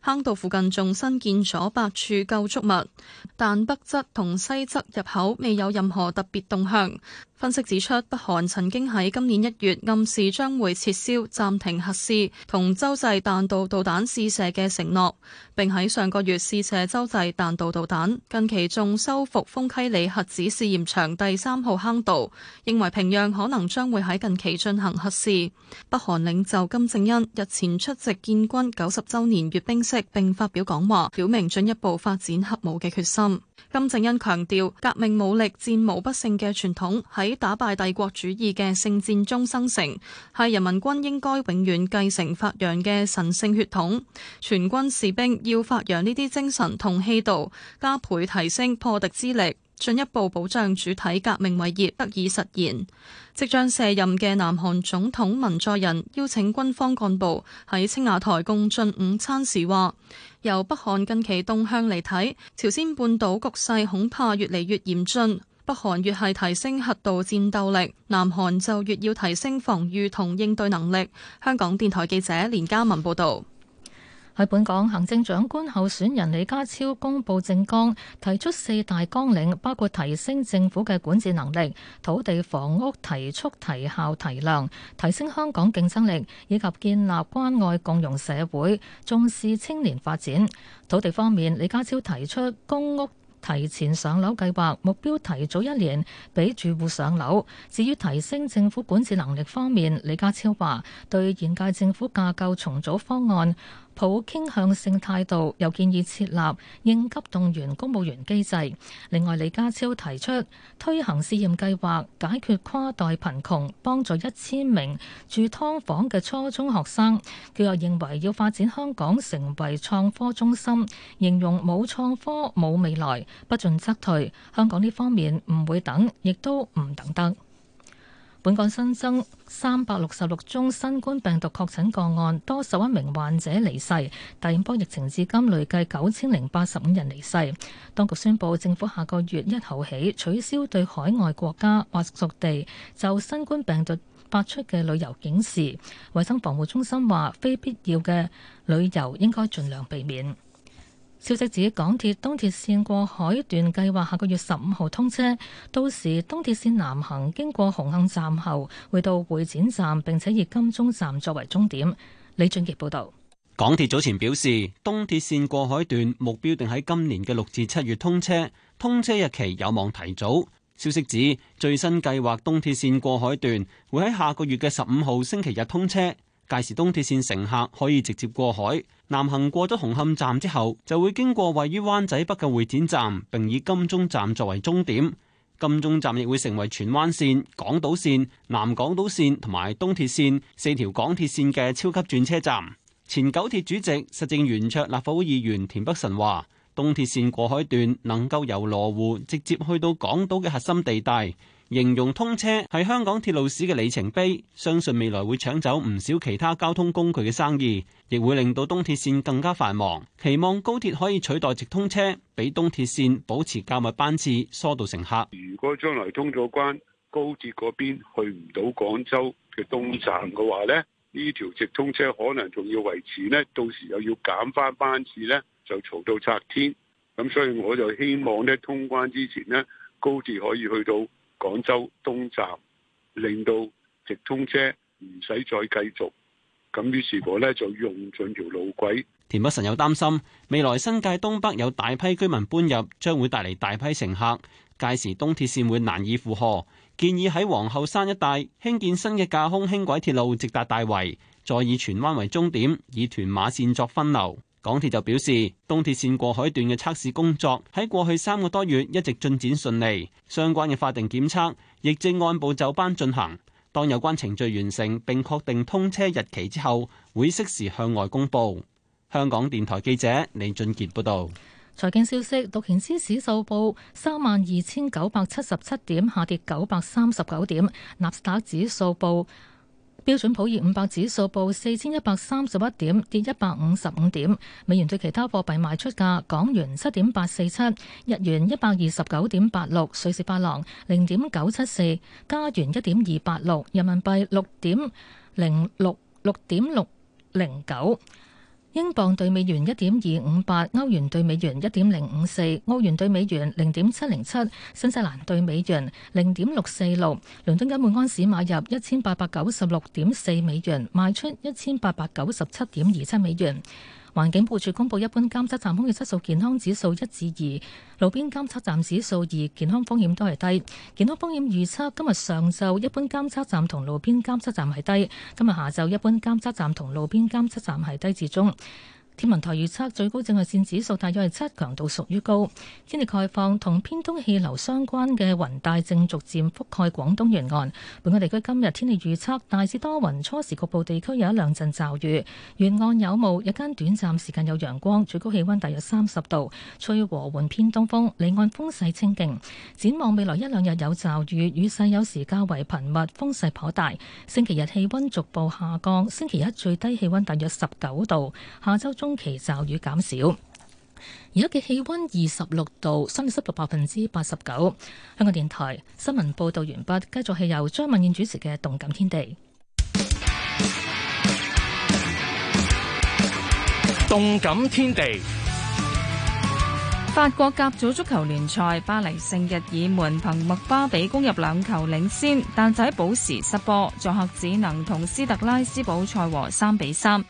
坑道附近仲新建咗八處構築物，但北側同西側入口未有任何特別動向。分析指出，北韓曾經喺今年一月暗示將會撤銷暫停核試同洲際彈道導彈試射嘅承諾，並喺上個月試射洲際彈道導彈。近期仲收復豐溪里核子試驗場第三號坑道，認為平壤可能將會喺近期進行核試。北韓領袖金正恩日前出席建軍九十周年閱兵式並發表講話，表明進一步發展核武嘅決心。金正恩強調，革命武力戰無不勝嘅傳統喺打敗帝國主義嘅聖戰中生成，係人民軍應該永遠繼承發揚嘅神聖血統。全軍士兵要發揚呢啲精神同氣度，加倍提升破敵之力。進一步保障主體革命偉業得以實現。即將卸任嘅南韓總統文在寅邀請軍方幹部喺青瓦台共進午餐時話：由北韓近期動向嚟睇，朝鮮半島局勢恐怕越嚟越嚴峻。北韓越係提升核導戰鬥力，南韓就越要提升防禦同應對能力。香港電台記者連嘉文報導。喺本港行政長官候選人李家超公布政綱，提出四大綱領，包括提升政府嘅管治能力、土地房屋提速提效提量、提升香港競爭力以及建立關愛共融社會，重視青年發展。土地方面，李家超提出公屋提前上樓計劃，目標提早一年俾住戶上樓。至於提升政府管治能力方面，李家超話對現屆政府架構重組方案抱傾向性態度，又建議設立應急動員公務員機制。另外，李家超提出推行試驗計劃，解決跨代貧窮，幫助一千名住劏房嘅初中學生。佢又認為要發展香港成為創科中心，形容冇創科冇未來，不進則退。香港呢方面唔會等，亦都唔等得。本港新增三百六十六宗新冠病毒確診個案，多十一名患者離世。第五波疫情至今累計九千零八十五人離世。當局宣布，政府下個月一號起取消對海外國家或屬地就新冠病毒發出嘅旅遊警示。衛生防護中心話非必要嘅旅遊應該盡量避免。消息指港鐵東鐵綫過海段計劃下個月十五號通車，到時東鐵綫南行經過紅磡站後，會到會展站，並且以金鐘站作為終點。李俊傑報道，港鐵早前表示東鐵綫過海段目標定喺今年嘅六至七月通車，通車日期有望提早。消息指最新計劃東鐵綫過海段會喺下個月嘅十五號星期日通車。屆時東鐵綫乘客可以直接過海，南行過咗紅磡站之後，就會經過位於灣仔北嘅會展站，並以金鐘站作為終點。金鐘站亦會成為荃灣綫、港島綫、南港島綫同埋東鐵綫四條港鐵綫嘅超級轉車站。前九鐵主席、實政圓桌立法會議員田北辰話，東鐵綫過海段能夠由羅湖直接去到港島嘅核心地帶，形容通車係香港鐵路史嘅里程碑，相信未來會搶走唔少其他交通工具嘅生意，亦會令到東鐵線更加繁忙。期望高鐵可以取代直通車，俾東鐵線保持較密班次，疏導乘客。如果將來通咗關，高鐵嗰邊去唔到廣州嘅東站嘅話咧，呢條直通車可能仲要維持咧，到時又要減翻班次咧，就嘈到拆天。咁所以我就希望呢，通關之前呢，高鐵可以去到。廣州東站令到直通車唔使再繼續咁，於是我呢就用盡條路軌。田北辰又擔心，未來新界東北有大批居民搬入，將會帶嚟大批乘客，屆時東鐵線會難以負荷。建議喺皇后山一帶興建新嘅架空輕軌鐵路，直達大圍，再以荃灣為終點，以屯馬線作分流。港鐵就表示，東鐵線過海段嘅測試工作喺過去三個多月一直進展順利，相關嘅法定檢測亦正按部就班進行。當有關程序完成並確定通車日期之後，會適時向外公布。香港電台記者李俊杰報道。財經消息：道瓊斯指數報三萬二千九百七十七點，下跌九百三十九點；納斯達指數報。標準普爾五百指數報四千一百三十一點，跌一百五十五點。美元對其他貨幣賣出價：港元七點八四七，日元一百二十九點八六，瑞士法郎零點九七四，加元一點二八六，人民幣六點零六六點六零九。英鎊兌美元一點二五八，歐元兌美元一點零五四，歐元兌美元零點七零七，新西蘭兌美元零點六四六，倫敦金每安士買入一千八百九十六點四美元，賣出一千八百九十七點二七美元。環境部署公布一般監測站空氣質素健康指數一至二，路邊監測站指數二，健康風險都係低。健康風險預測今日上晝一般監測站同路邊監測站係低，今日下晝一般監測站同路邊監測站係低至中。天文台預測最高紫外線指數大約係七，強度屬於高。天氣概況，同偏東氣流相關嘅雲帶正逐漸覆蓋廣東沿岸。本港地區今日天氣預測，大致多雲，初時局部地區有一兩陣驟雨，沿岸有霧，日間短暫時間有陽光，最高氣温大約三十度，吹和緩偏東風，離岸風勢清勁。展望未來一兩日有驟雨，雨勢有時較為頻密，風勢頗大。星期日氣温逐步下降，星期一最低氣温大約十九度。下周中中期驟雨減少，而家嘅氣溫二十六度，相對濕度百分之八十九。香港電台新聞報道完畢，繼續係由張文燕主持嘅《動感天地》。動感天地。法國甲組足球聯賽，巴黎聖日耳門憑麥巴比攻入兩球領先，但就喺補時失波，作客只能同斯特拉斯堡賽和三比三。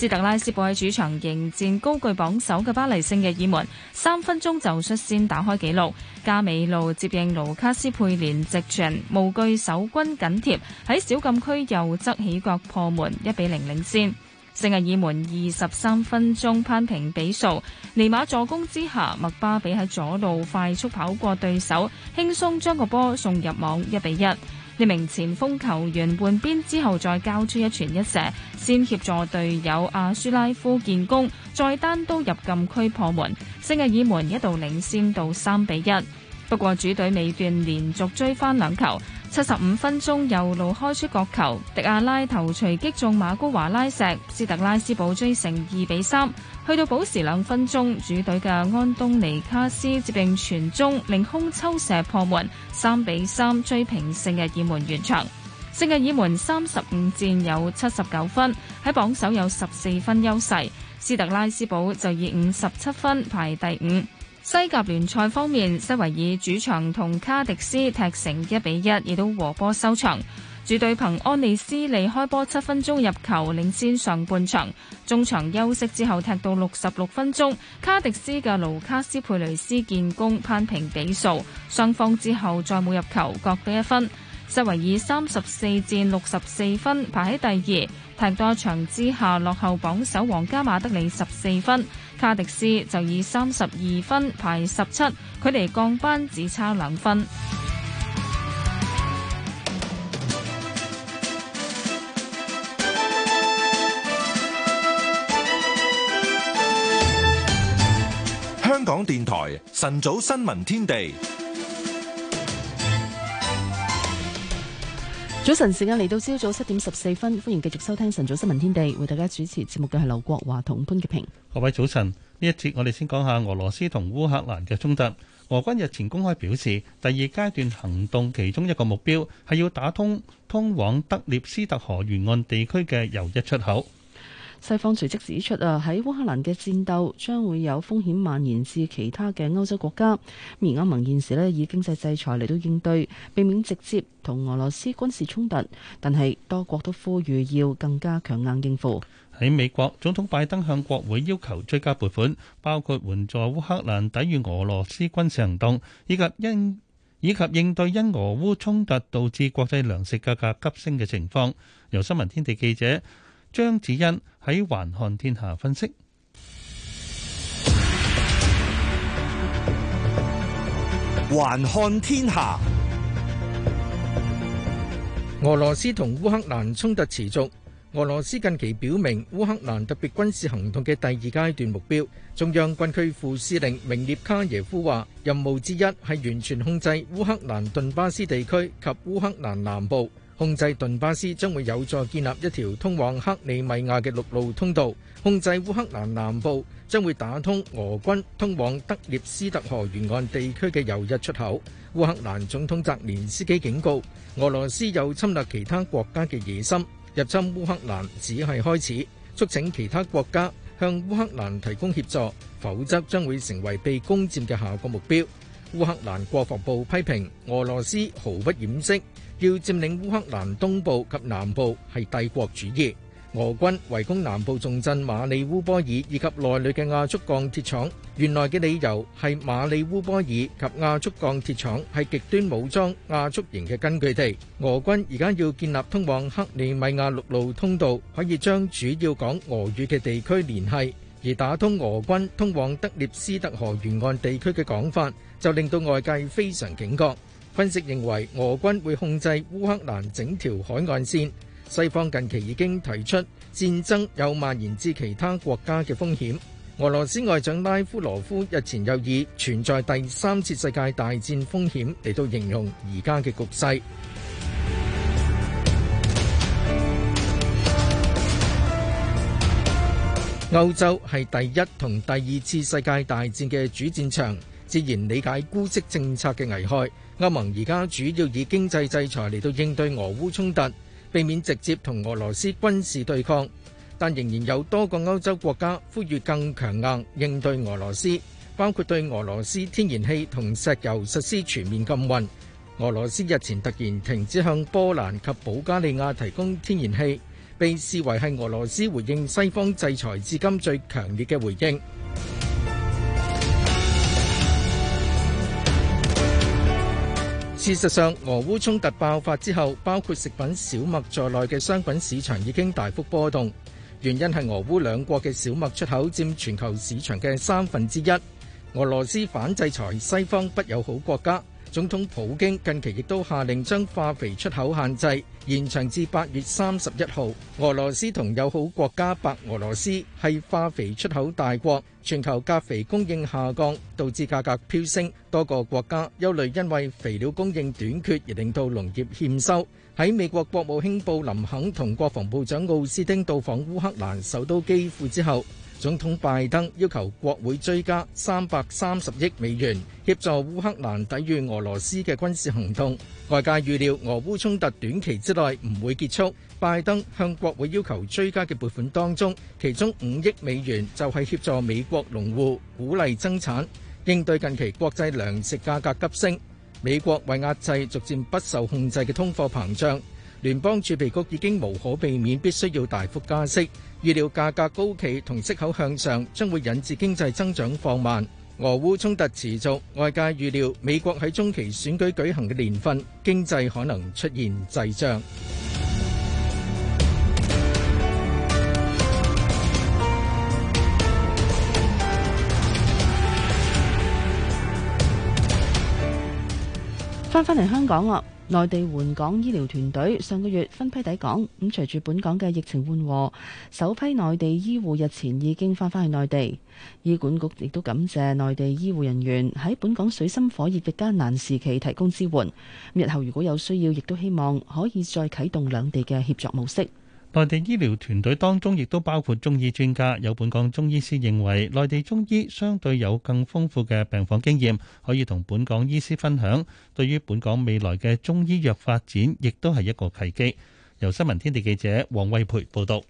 斯特拉斯堡喺主場迎戰高踞榜首嘅巴黎聖日爾門，三分鐘就率先打開紀錄。加美路接應盧卡斯佩連直傳，無懼守軍緊貼，喺小禁區右側起腳破門，一比零領先。聖日爾門二十三分鐘扳平比數，尼馬助攻之下，麥巴比喺左路快速跑過對手，輕鬆將個波送入網，一比一。這名前鋒球員換邊之後，再交出一傳一射，先協助隊友阿舒拉夫建功，再單刀入禁區破門，聖日耳門一度領先到三比一。不過主隊尾段連續追翻兩球。七十五分鐘右路開出角球，迪亞拉頭槌擊中馬高華拉石，斯特拉斯堡追成二比三。去到補時兩分鐘，主隊嘅安東尼卡斯接應傳中，凌空抽射破門，三比三追平聖日耳門。完場。聖日耳門三十五戰有七十九分，喺榜首有十四分優勢。斯特拉斯堡就以五十七分排第五。西甲聯賽方面，塞維爾主場同卡迪斯踢成一比一，亦都和波收場。主隊憑安利斯利開波七分鐘入球領先上半場，中場休息之後踢到六十六分鐘，卡迪斯嘅盧卡斯佩雷斯建功扳平比數，雙方之後再冇入球，各得一分。塞維爾三十四戰六十四分排喺第二，踢多場之下落後榜首皇家馬德里十四分。卡迪斯就以三十二分排十七，距離降班只差兩分。香港電台晨早新聞天地。早晨時間嚟到朝早七點十四分，歡迎繼續收聽晨早新聞天地，為大家主持節目嘅係劉國華同潘潔平。各位早晨，呢一節我哋先講下俄羅斯同烏克蘭嘅衝突。俄軍日前公開表示，第二階段行動其中一個目標係要打通通往德涅斯特河沿岸地區嘅又一出口。西方隨即指出啊，喺烏克蘭嘅戰鬥將會有風險蔓延至其他嘅歐洲國家。而歐盟現時呢以經濟制裁嚟到應對，避免直接同俄羅斯軍事衝突。但係多國都呼籲要更加強硬應付。喺美國，總統拜登向國會要求追加撥款，包括援助烏克蘭抵禦俄羅斯軍事行動，以及應以及應對因俄烏衝突導致國際糧食價格急升嘅情況。由新聞天地記者張子欣。喺環看天下分析，環看天下。俄羅斯同烏克蘭衝突持續。俄羅斯近期表明，烏克蘭特別軍事行動嘅第二階段目標。中央軍區副司令明涅卡耶夫話，任務之一係完全控制烏克蘭頓巴斯地區及烏克蘭南部。控制頓巴斯將會有助建立一條通往克里米亞嘅陸路通道，控制烏克蘭南部將會打通俄軍，通往德涅斯特河沿岸地區嘅遊樂出口。烏克蘭總統澤連斯基警告，俄羅斯有侵略其他國家嘅野心，入侵烏克蘭只係開始，促請其他國家向烏克蘭提供協助，否則將會成為被攻佔嘅下個目標。烏克蘭國防部批評，俄羅斯毫不掩飾，要佔領烏克蘭東部及南部係帝國主義。俄軍圍攻南部重鎮馬里烏波爾以及內裏嘅亞速鋼鐵廠，原來嘅理由係馬里烏波爾及亞速鋼鐵廠係極端武裝亞速營嘅根據地。俄軍而家要建立通往克里米亞陸路通道，可以將主要講俄語嘅地區聯繫，而打通俄軍通往德涅斯特河沿岸地區嘅講法，就令到外界非常警覺。分析認為，俄軍會控制烏克蘭整條海岸線。西方近期已經提出戰爭有蔓延至其他國家嘅風險。俄羅斯外長拉夫羅夫日前又以存在第三次世界大戰風險嚟到形容而家嘅局勢。歐洲係第一同第二次世界大戰嘅主戰場，自然理解姑息政策嘅危害。歐盟而家主要以經濟制裁嚟到應對俄烏衝突，避免直接同俄羅斯軍事對抗，但仍然有多個歐洲國家呼籲更強硬應對俄羅斯，包括對俄羅斯天然氣同石油實施全面禁運。俄羅斯日前突然停止向波蘭及保加利亞提供天然氣，被視為係俄羅斯回應西方制裁至今最強烈嘅回應。事實上，俄烏衝突爆發之後，包括食品小麥在內嘅商品市場已經大幅波動。原因係俄烏兩國嘅小麥出口佔全球市場嘅三分之一。俄羅斯反制裁西方不友好國家。總統普京近期亦都下令將化肥出口限制，延長至八月三十一號，俄羅斯同友好國家白俄羅斯係化肥出口大國，全球鉀肥供應下降，導致價格飆升，多個國家憂慮因為肥料供應短缺而令到農業欠收。喺美國國務卿布林肯同國防部長奧斯汀到訪烏克蘭首都基輔之後，總統拜登要求國會追加三百三十億美元協助烏克蘭抵御俄羅斯嘅軍事行動。外界預料俄烏衝突短期之內唔會結束。拜登向國會要求追加嘅撥款當中，其中五億美元就係協助美國農戶鼓勵增產，應對近期國際糧食價格急升。美國為壓制逐漸不受控制嘅通貨膨脹，聯邦儲備局已經無可避免必須要大幅加息。預料價格高企同息口向上將會引致經濟增長放慢。俄烏衝突持續，外界預料美國喺中期選舉舉行嘅年份，經濟可能出現滯脹。翻返嚟香港啊！內地援港醫療團隊上個月分批抵港，咁隨住本港嘅疫情緩和，首批內地醫護日前已經返返去內地。醫管局亦都感謝內地醫護人員喺本港水深火熱嘅艱難時期提供支援。日後如果有需要，亦都希望可以再啟動兩地嘅協作模式。內地醫療團隊當中，亦都包括中醫專家。有本港中醫師認為，內地中醫相對有更豐富嘅病房經驗，可以同本港醫師分享。對於本港未來嘅中醫藥發展，亦都係一個契機。由新聞天地記者黃慧培報道。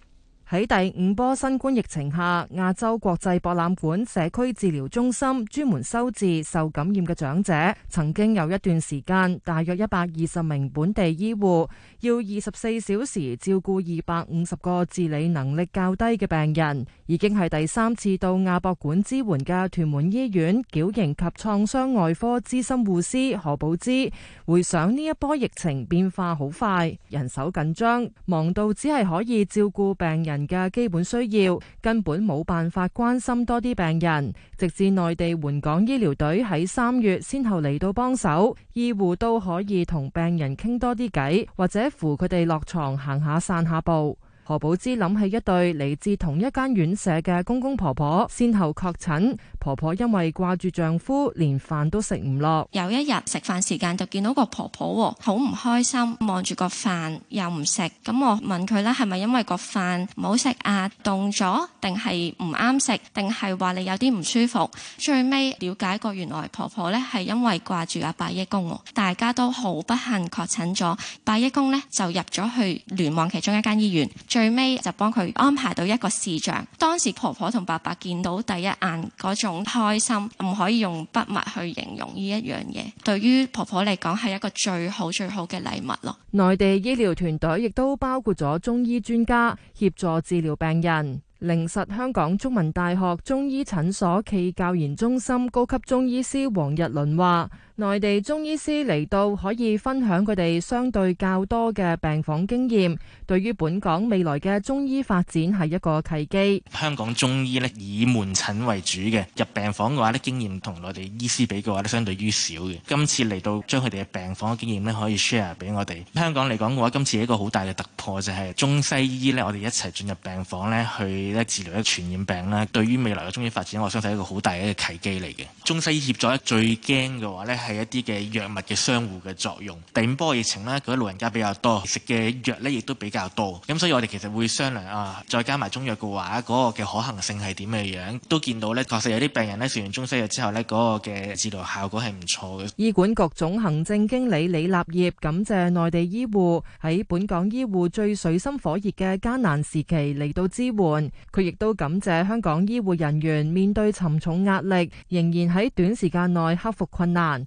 喺第五波新冠疫情下，亞洲國際博覽館社區治療中心專門收治受感染嘅長者。曾經有一段時間，大約一百二十名本地醫護要二十四小時照顧二百五十個自理能力較低嘅病人。已經係第三次到亞博館支援嘅屯門醫院矯形及創傷外科資深護師何寶芝回想，呢一波疫情變化好快，人手緊張，忙到只係可以照顧病人嘅基本需要，根本冇辦法關心多啲病人，直至內地援港醫療隊喺三月先後嚟到幫手，醫護都可以同病人傾多啲計，或者扶佢哋落床行下散下步。何寶芝諗起一對嚟自同一間院舍嘅公公婆婆先後確診，婆婆因為掛住丈夫，連飯都食唔落。有一日食飯時間就見到個婆婆，好唔開心，望住個飯又唔食。咁我問佢啦，係咪因為個飯唔好食啊，凍咗，定係唔啱食，定係話你有啲唔舒服？最尾了解過，原來婆婆呢係因為掛住阿伯爺公，大家都好不幸確診咗，伯爺公呢就入咗去聯網其中一間醫院。最尾就幫佢安排到一個視像。當時婆婆同爸爸見到第一眼嗰種開心，唔可以用筆墨去形容呢一樣嘢。對於婆婆嚟講，係一個最好最好嘅禮物咯。內地醫療團隊亦都包括咗中醫專家協助治療病人。靈實香港中文大學中醫診所暨教研中心高級中醫師黃日倫話。內地中醫師嚟到可以分享佢哋相對較多嘅病房經驗，對於本港未來嘅中醫發展係一個契機。香港中醫咧以門診為主嘅，入病房嘅話咧經驗同內地醫師比嘅話咧相對於少嘅。今次嚟到將佢哋嘅病房經驗咧可以 share 俾我哋。香港嚟講嘅話，今次一個好大嘅突破就係中西醫咧，我哋一齊進入病房咧去咧治療一傳染病啦。對於未來嘅中醫發展，我相信一個好大嘅契機嚟嘅。中西醫協作咧最驚嘅話咧。係一啲嘅藥物嘅相互嘅作用。第波疫情咧，嗰啲老人家比較多，食嘅藥呢亦都比較多，咁所以我哋其實會商量啊。再加埋中藥嘅話，嗰個嘅可行性係點嘅樣？都見到呢，確實有啲病人呢，食完中西藥之後呢，嗰個嘅治療效果係唔錯嘅。醫管局總行政經理李立業感謝內地醫護喺本港醫護最水深火熱嘅艱難時期嚟到支援，佢亦都感謝香港醫護人員面對沉重壓力，仍然喺短時間內克服困難。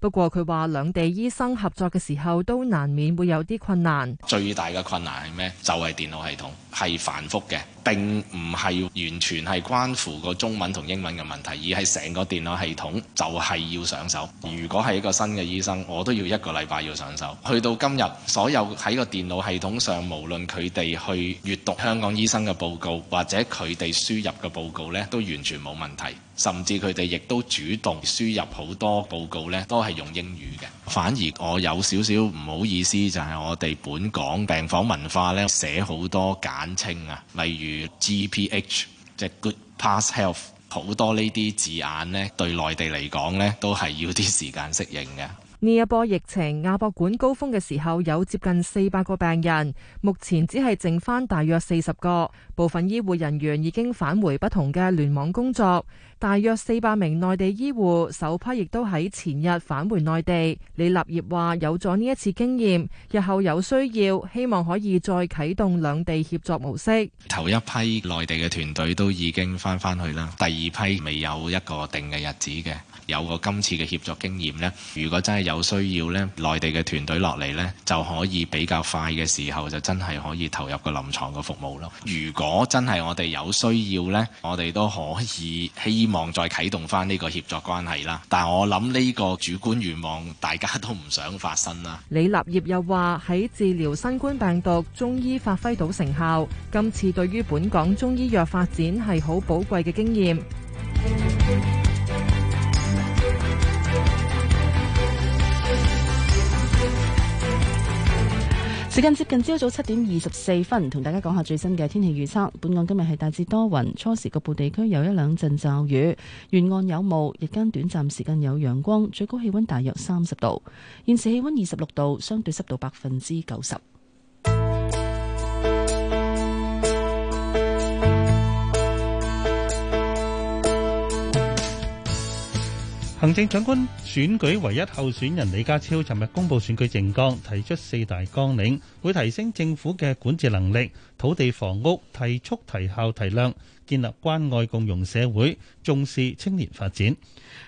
不過佢話兩地醫生合作嘅時候都難免會有啲困難。最大嘅困難係咩？就係電腦系統係繁複嘅，並唔係完全係關乎個中文同英文嘅問題，而係成個電腦系統就係要上手。如果係一個新嘅醫生，我都要一個禮拜要上手。去到今日，所有喺個電腦系統上，無論佢哋去閱讀香港醫生嘅報告，或者佢哋輸入嘅報告呢都完全冇問題。甚至佢哋亦都主動輸入好多報告呢都係。係用英語嘅，反而我有少少唔好意思，就係我哋本港病房文化咧，寫好多簡稱啊，例如 GPH，即係 Good Past Health，好多呢啲字眼咧，對內地嚟講咧，都係要啲時間適應嘅。呢一波疫情亞博館高峰嘅時候有接近四百個病人，目前只係剩翻大約四十個，部分醫護人員已經返回不同嘅聯網工作。大約四百名內地醫護首批亦都喺前日返回內地。李立業話：有咗呢一次經驗，日後有需要，希望可以再啟動兩地協作模式。頭一批內地嘅團隊都已經返返去啦，第二批未有一個定嘅日子嘅。有個今次嘅協作經驗呢，如果真係有需要咧，內地嘅團隊落嚟呢，就可以比較快嘅時候就真係可以投入個臨床嘅服務咯。如果真係我哋有需要呢，我哋都可以希望再啟動翻呢個協作關係啦，但我諗呢個主觀願望大家都唔想發生啦。李立業又話，喺治療新冠病毒，中醫發揮到成效，今次對於本港中醫藥發展係好寶貴嘅經驗。時間接近朝早七點二十四分，同大家講下最新嘅天氣預測。本港今日係大致多雲，初時局部地區有一兩陣驟雨，沿岸有霧，日間短暫時間有陽光，最高氣温大約三十度。現時氣温二十六度，相對濕度百分之九十。行政長官選舉唯一候選人李家超尋日公布選舉政綱，提出四大綱領，會提升政府嘅管治能力，土地房屋提速提效提量，建立關愛共融社會，重視青年發展。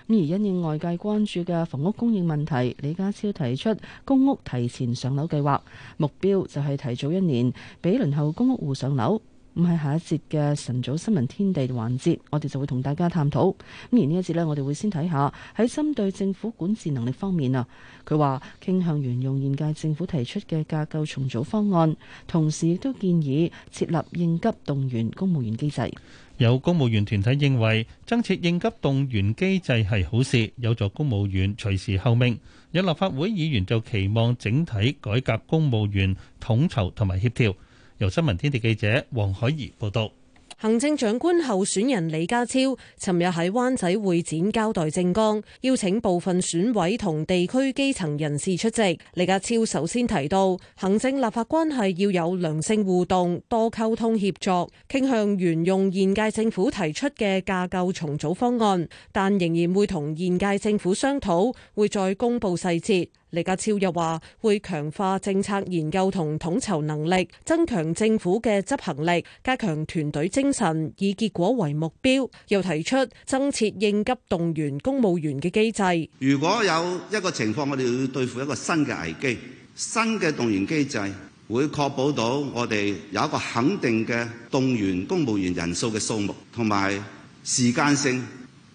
咁而因應外界關注嘅房屋供應問題，李家超提出公屋提前上樓計劃，目標就係提早一年俾輪候公屋戶上樓。咁喺下一節嘅晨早新聞天地環節，我哋就會同大家探討。咁而呢一節呢，我哋會先睇下喺針對政府管治能力方面啊，佢話傾向沿用現屆政府提出嘅架構重組方案，同時亦都建議設立應急動員公務員機制。有公務員團體認為，增設應急動員機制係好事，有助公務員隨時候命。有立法會議員就期望整體改革公務員統籌同埋協調。由新聞天地記者黃海怡報道，行政長官候選人李家超尋日喺灣仔會展交代政綱，邀請部分選委同地區基層人士出席。李家超首先提到，行政立法關係要有良性互動，多溝通協作，傾向沿用現屆政府提出嘅架構重組方案，但仍然會同現屆政府商討，會再公布細節。李家超又話：會強化政策研究同統籌能力，增強政府嘅執行力，加強團隊精神，以結果為目標。又提出增設應急動員公務員嘅機制。如果有一個情況，我哋要對付一個新嘅危機，新嘅動員機制會確保到我哋有一個肯定嘅動員公務員人數嘅數目，同埋時間性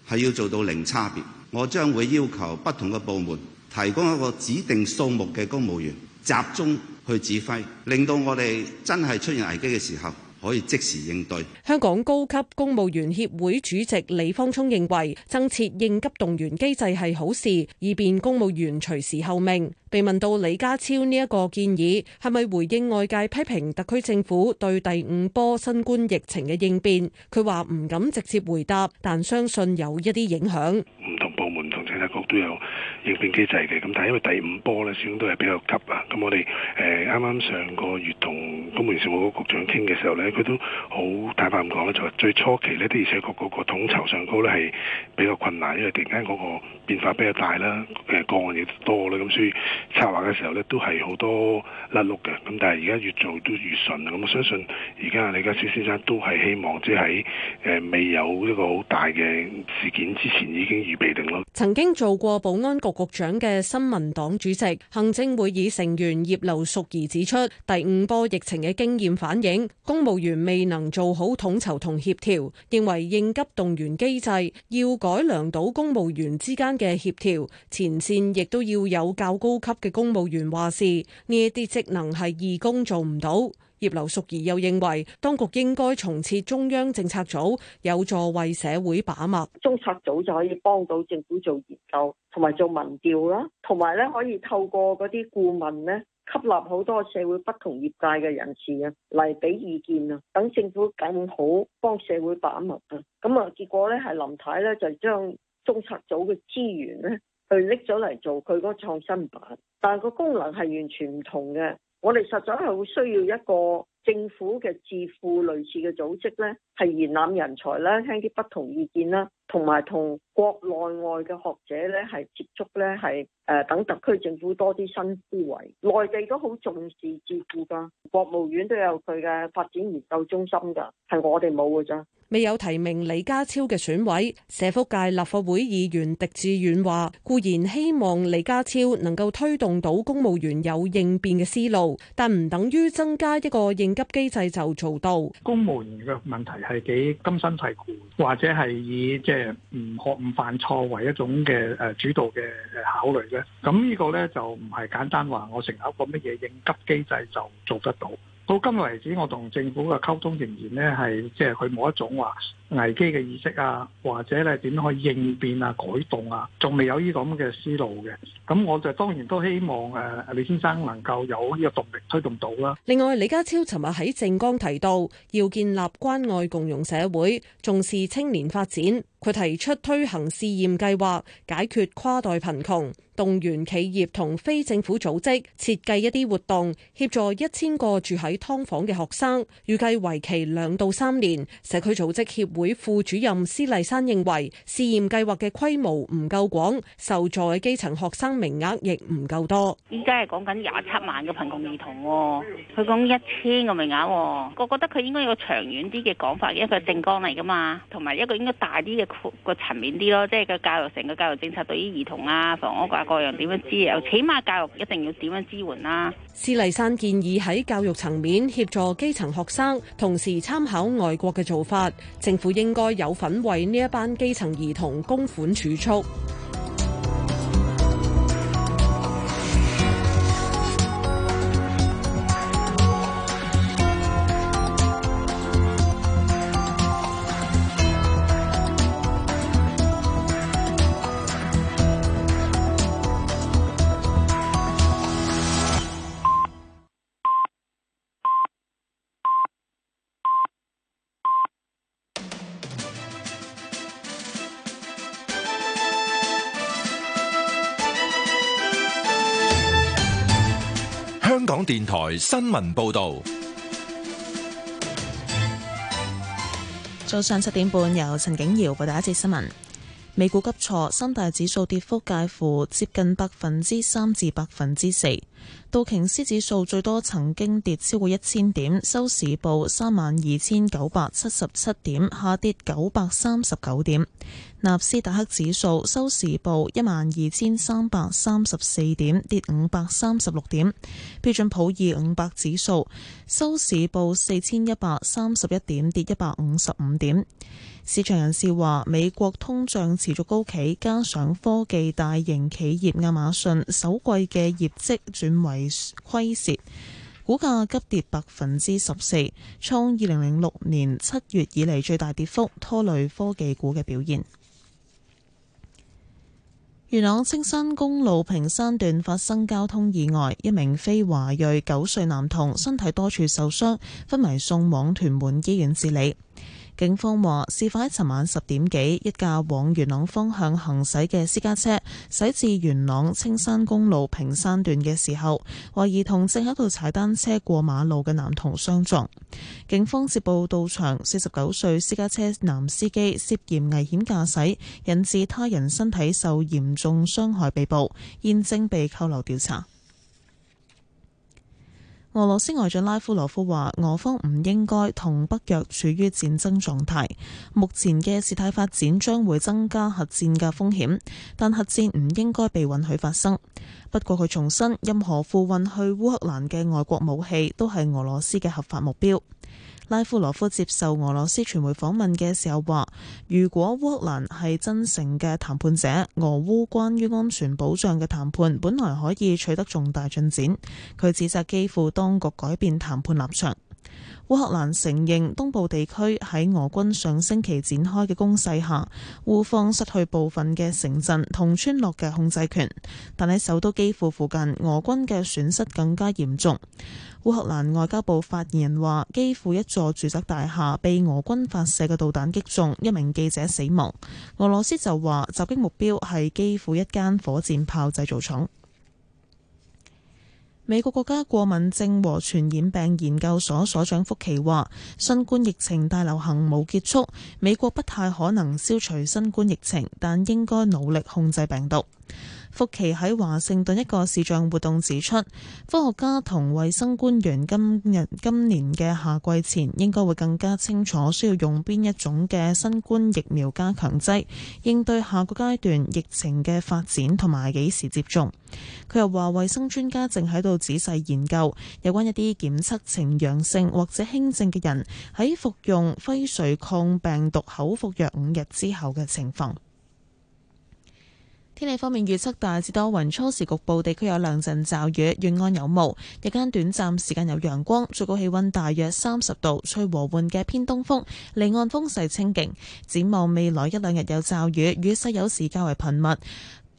係要做到零差別。我將會要求不同嘅部門，提供一個指定數目嘅公務員集中去指揮，令到我哋真係出現危機嘅時候可以即時應對。香港高級公務員協會主席李方聰認為增設應急動員機制係好事，以便公務員隨時候命。被問到李家超呢一個建議，係咪回應外界批評特區政府對第五波新冠疫情嘅應變，佢話唔敢直接回答，但相信有一啲影響。都有應變機制嘅，咁但係因為第五波咧，始終都係比較急啊。咁我哋誒啱啱上個月同公務員事務局局長傾嘅時候咧，佢都好坦白咁講咧，就係最初期呢，的而且確嗰個統籌上高咧係比較困難，因為突然間嗰個變化比較大啦，誒個案亦都多啦，咁所以策劃嘅時候咧都係好多甩碌嘅。咁但係而家越做都越順啊。咁我相信而家李家超先生都係希望即係誒未有一個好大嘅事件之前已經預備定咯。曾經做過保安局局長嘅新民黨主席、行政會議成員葉劉淑儀指出，第五波疫情嘅經驗反映公務員未能做好統籌同協調，認為應急動員機制要改良到公務員之間嘅協調，前線亦都要有較高級嘅公務員話事，呢啲職能係義工做唔到。葉劉淑儀又認為，當局應該重設中央政策組，有助為社會把脈。中策組就可以幫到政府做研究，同埋做民調啦，同埋咧可以透過嗰啲顧問咧，吸納好多社會不同業界嘅人士啊，嚟俾意見啊，等政府更好幫社會把脈啊。咁啊，結果咧係林太咧就將中策組嘅資源咧，去拎咗嚟做佢嗰個創新版，但係個功能係完全唔同嘅。我哋實在係會需要一個政府嘅智庫類似嘅組織咧，係延攬人才啦，聽啲不同意見啦。同埋同國內外嘅學者咧係接觸咧係誒等特區政府多啲新思維，內地都好重視自顧噶，國務院都有佢嘅發展研究中心噶，係我哋冇㗎咋。未有提名李家超嘅選委，社福界立法會議員狄志遠話：固然希望李家超能夠推動到公務員有應變嘅思路，但唔等於增加一個應急機制就做到。公務員嘅問題，係幾根深蒂固，或者係以即。唔學唔犯錯為一種嘅誒主導嘅誒考慮咧，咁呢個咧就唔係簡單話我成立一個乜嘢應急機制就做得到。到今日為止，我同政府嘅溝通仍然呢係即係佢冇一種話危機嘅意識啊，或者咧點去應變啊、改動啊，仲未有呢個咁嘅思路嘅。咁我就當然都希望誒李先生能夠有呢個動力推動到啦。另外，李家超尋日喺政綱提到要建立關愛共融社會，重視青年發展。佢提出推行試驗計劃，解決跨代貧窮，動員企業同非政府組織設計一啲活動，協助一千個住喺劏房嘅學生，預計為期兩到三年。社區組織協會副主任施麗珊認為，試驗計劃嘅規模唔夠廣，受助嘅基層學生名額亦唔夠多。依家係講緊廿七萬嘅貧窮兒童，佢講一千個名額，我覺得佢應該有個長遠啲嘅講法，因為佢係政綱嚟噶嘛，同埋一個應該大啲嘅。個層面啲咯，即係個教育成個教育政策對於兒童啊、房屋啊各樣點樣支援，起碼教育一定要點樣支援啦。施麗珊建議喺教育層面協助基層學生，同時參考外國嘅做法，政府應該有份為呢一班基層兒童供款儲蓄。電台新聞報道。早上七點半，由陳景瑤報道一節新聞。美股急挫，三大指數跌幅介乎接近百分之三至百分之四。道瓊斯指數最多曾經跌超過一千點，收市報三萬二千九百七十七點，下跌九百三十九點。納斯達克指數收市報一萬二千三百三十四點，跌五百三十六點。標準普爾五百指數收市報四千一百三十一點，跌一百五十五點。市場人士話，美國通脹持續高企，加上科技大型企業亞馬遜首季嘅業績轉為虧蝕，股價急跌百分之十四，創二零零六年七月以嚟最大跌幅，拖累科技股嘅表現。元朗青山公路屏山段發生交通意外，一名非華裔九歲男童身體多處受傷，昏迷送往屯門醫院治理。警方話，事發喺尋晚十點幾，一架往元朗方向行駛嘅私家車駛至元朗青山公路屏山段嘅時候，懷疑同正喺度踩單車過馬路嘅男童相撞。警方接報到場，四十九歲私家車男司機涉嫌危險駕駛，引致他人身體受嚴重傷害，被捕，現正被扣留調查。俄羅斯外長拉夫羅夫話：俄方唔應該同北約處於戰爭狀態，目前嘅事態發展將會增加核戰嘅風險，但核戰唔應該被允許發生。不過佢重申，任何付運去烏克蘭嘅外國武器都係俄羅斯嘅合法目標。拉夫羅夫接受俄羅斯傳媒訪問嘅時候話，如果烏克蘭係真誠嘅談判者，俄烏關於安全保障嘅談判本來可以取得重大進展。佢指責基輔當局改變談判立場。烏克蘭承認東部地區喺俄軍上星期展開嘅攻勢下，互放失去部分嘅城鎮同村落嘅控制權。但喺首都基輔附近，俄軍嘅損失更加嚴重。烏克蘭外交部發言人話，基輔一座住宅大廈被俄軍發射嘅導彈擊中，一名記者死亡。俄羅斯就話，襲擊目標係基輔一間火箭炮製造廠。美國國家過敏症和傳染病研究所所長福奇話：新冠疫情大流行冇結束，美國不太可能消除新冠疫情，但應該努力控制病毒。福奇喺華盛頓一個視像活動指出，科學家同衛生官員今日今年嘅夏季前應該會更加清楚需要用邊一種嘅新冠疫苗加強劑，應對下個階段疫情嘅發展同埋幾時接種。佢又話，衛生專家正喺度仔細研究有關一啲檢測呈陽性或者輕症嘅人喺服用輝瑞抗病毒口服藥五日之後嘅情況。天氣方面，預測大致多雲，初時局部地區有兩陣驟雨，沿岸有霧。日間短暫時間有陽光，最高氣溫大約三十度，吹和緩嘅偏東風，離岸風勢清勁。展望未來一兩日有驟雨，雨勢有時較為頻密，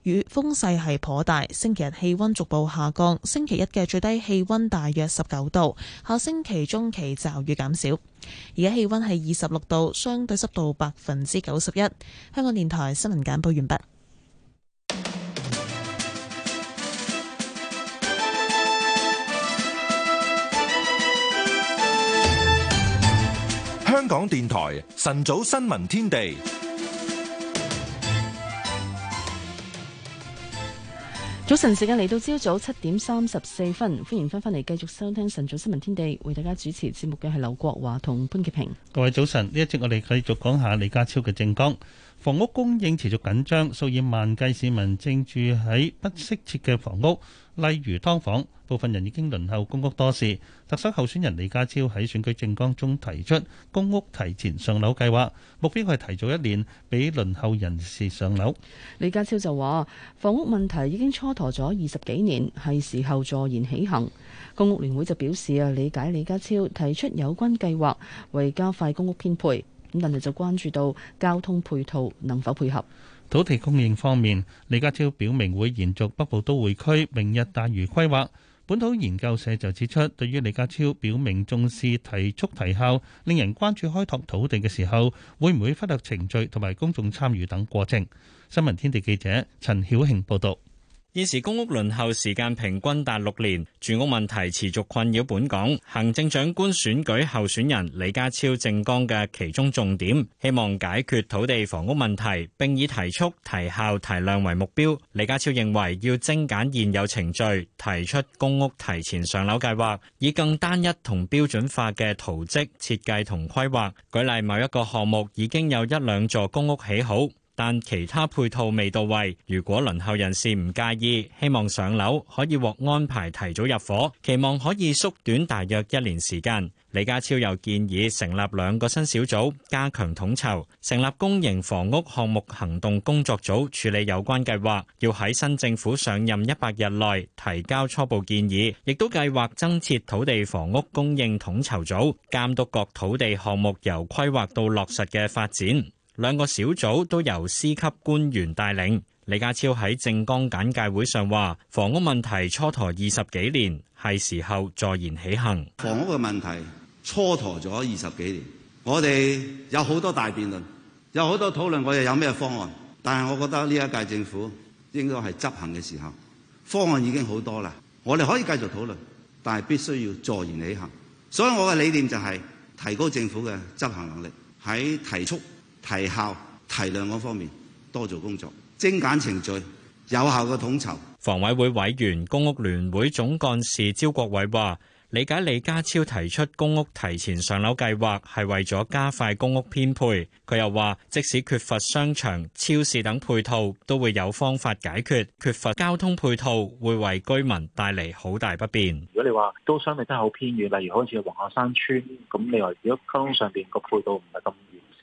雨風勢係頗大。星期日氣溫逐步下降，星期一嘅最低氣溫大約十九度。下星期中期驟雨減少。而家氣溫係二十六度，相對濕度百分之九十一。香港電台新聞簡報完畢。香港電台晨早新聞天地，早晨時間嚟到朝早七點三十四分，歡迎翻返嚟繼續收聽晨早新聞天地，為大家主持節目嘅係劉國華同潘潔平。各位早晨，呢一節我哋繼續講下李家超嘅政綱，房屋供應持續緊張，數以萬計市民正住喺不適切嘅房屋，例如劏房。部分人已經輪候公屋多時，特首候選人李家超喺選舉政綱中提出公屋提前上樓計劃，目標係提早一年俾輪候人士上樓。李家超就話：房屋問題已經蹉跎咗二十幾年，係時候坐言起行。公屋聯會就表示啊，理解李家超提出有關計劃，為加快公屋編配。咁但係就關注到交通配套能否配合。土地供應方面，李家超表明會延續北部都會區明日大嶼規劃。本土研究社就指出，對於李家超表明重視提速提效，令人關注開拓土地嘅時候，會唔會忽略程序同埋公眾參與等過程。新聞天地記者陳曉慶報道。現時公屋輪候時間平均達六年，住屋問題持續困擾本港。行政長官選舉候選人李家超政綱嘅其中重點，希望解決土地房屋問題，並以提速、提效、提量為目標。李家超認為要精簡現有程序，提出公屋提前上樓計劃，以更單一同標準化嘅圖則設計同規劃。舉例某一個項目已經有一兩座公屋起好。但其他配套未到位，如果輪候人士唔介意，希望上樓可以獲安排提早入伙，期望可以縮短大約一年時間。李家超又建議成立兩個新小組，加強統籌，成立公營房屋項目行動工作組處理有關計劃，要喺新政府上任一百日內提交初步建議，亦都計劃增設土地房屋供應統籌組，監督各土地項目由規劃到落實嘅發展。兩個小組都由司級官員帶領。李家超喺政綱簡介會上話：房屋問題蹉跎二十幾年，係時候坐言起行。房屋嘅問題蹉跎咗二十幾年，我哋有好多大辯論，有好多討論，我哋有咩方案？但係我覺得呢一屆政府應該係執行嘅時候，方案已經好多啦。我哋可以繼續討論，但係必須要坐言起行。所以我嘅理念就係提高政府嘅執行能力，喺提速。提效、提量嗰方面，多做工作，精簡程序，有效嘅統籌。房委會委員公屋聯會總幹事招國偉話，理解李家超提出公屋提前上樓計劃係為咗加快公屋編配。佢又話，即使缺乏商場超市等配套，都會有方法解決，缺乏交通配套會為居民帶嚟好大不便。如果你話都相對真係好偏遠，例如好似黃鶴山村，咁你話如果交通上邊個配套唔係咁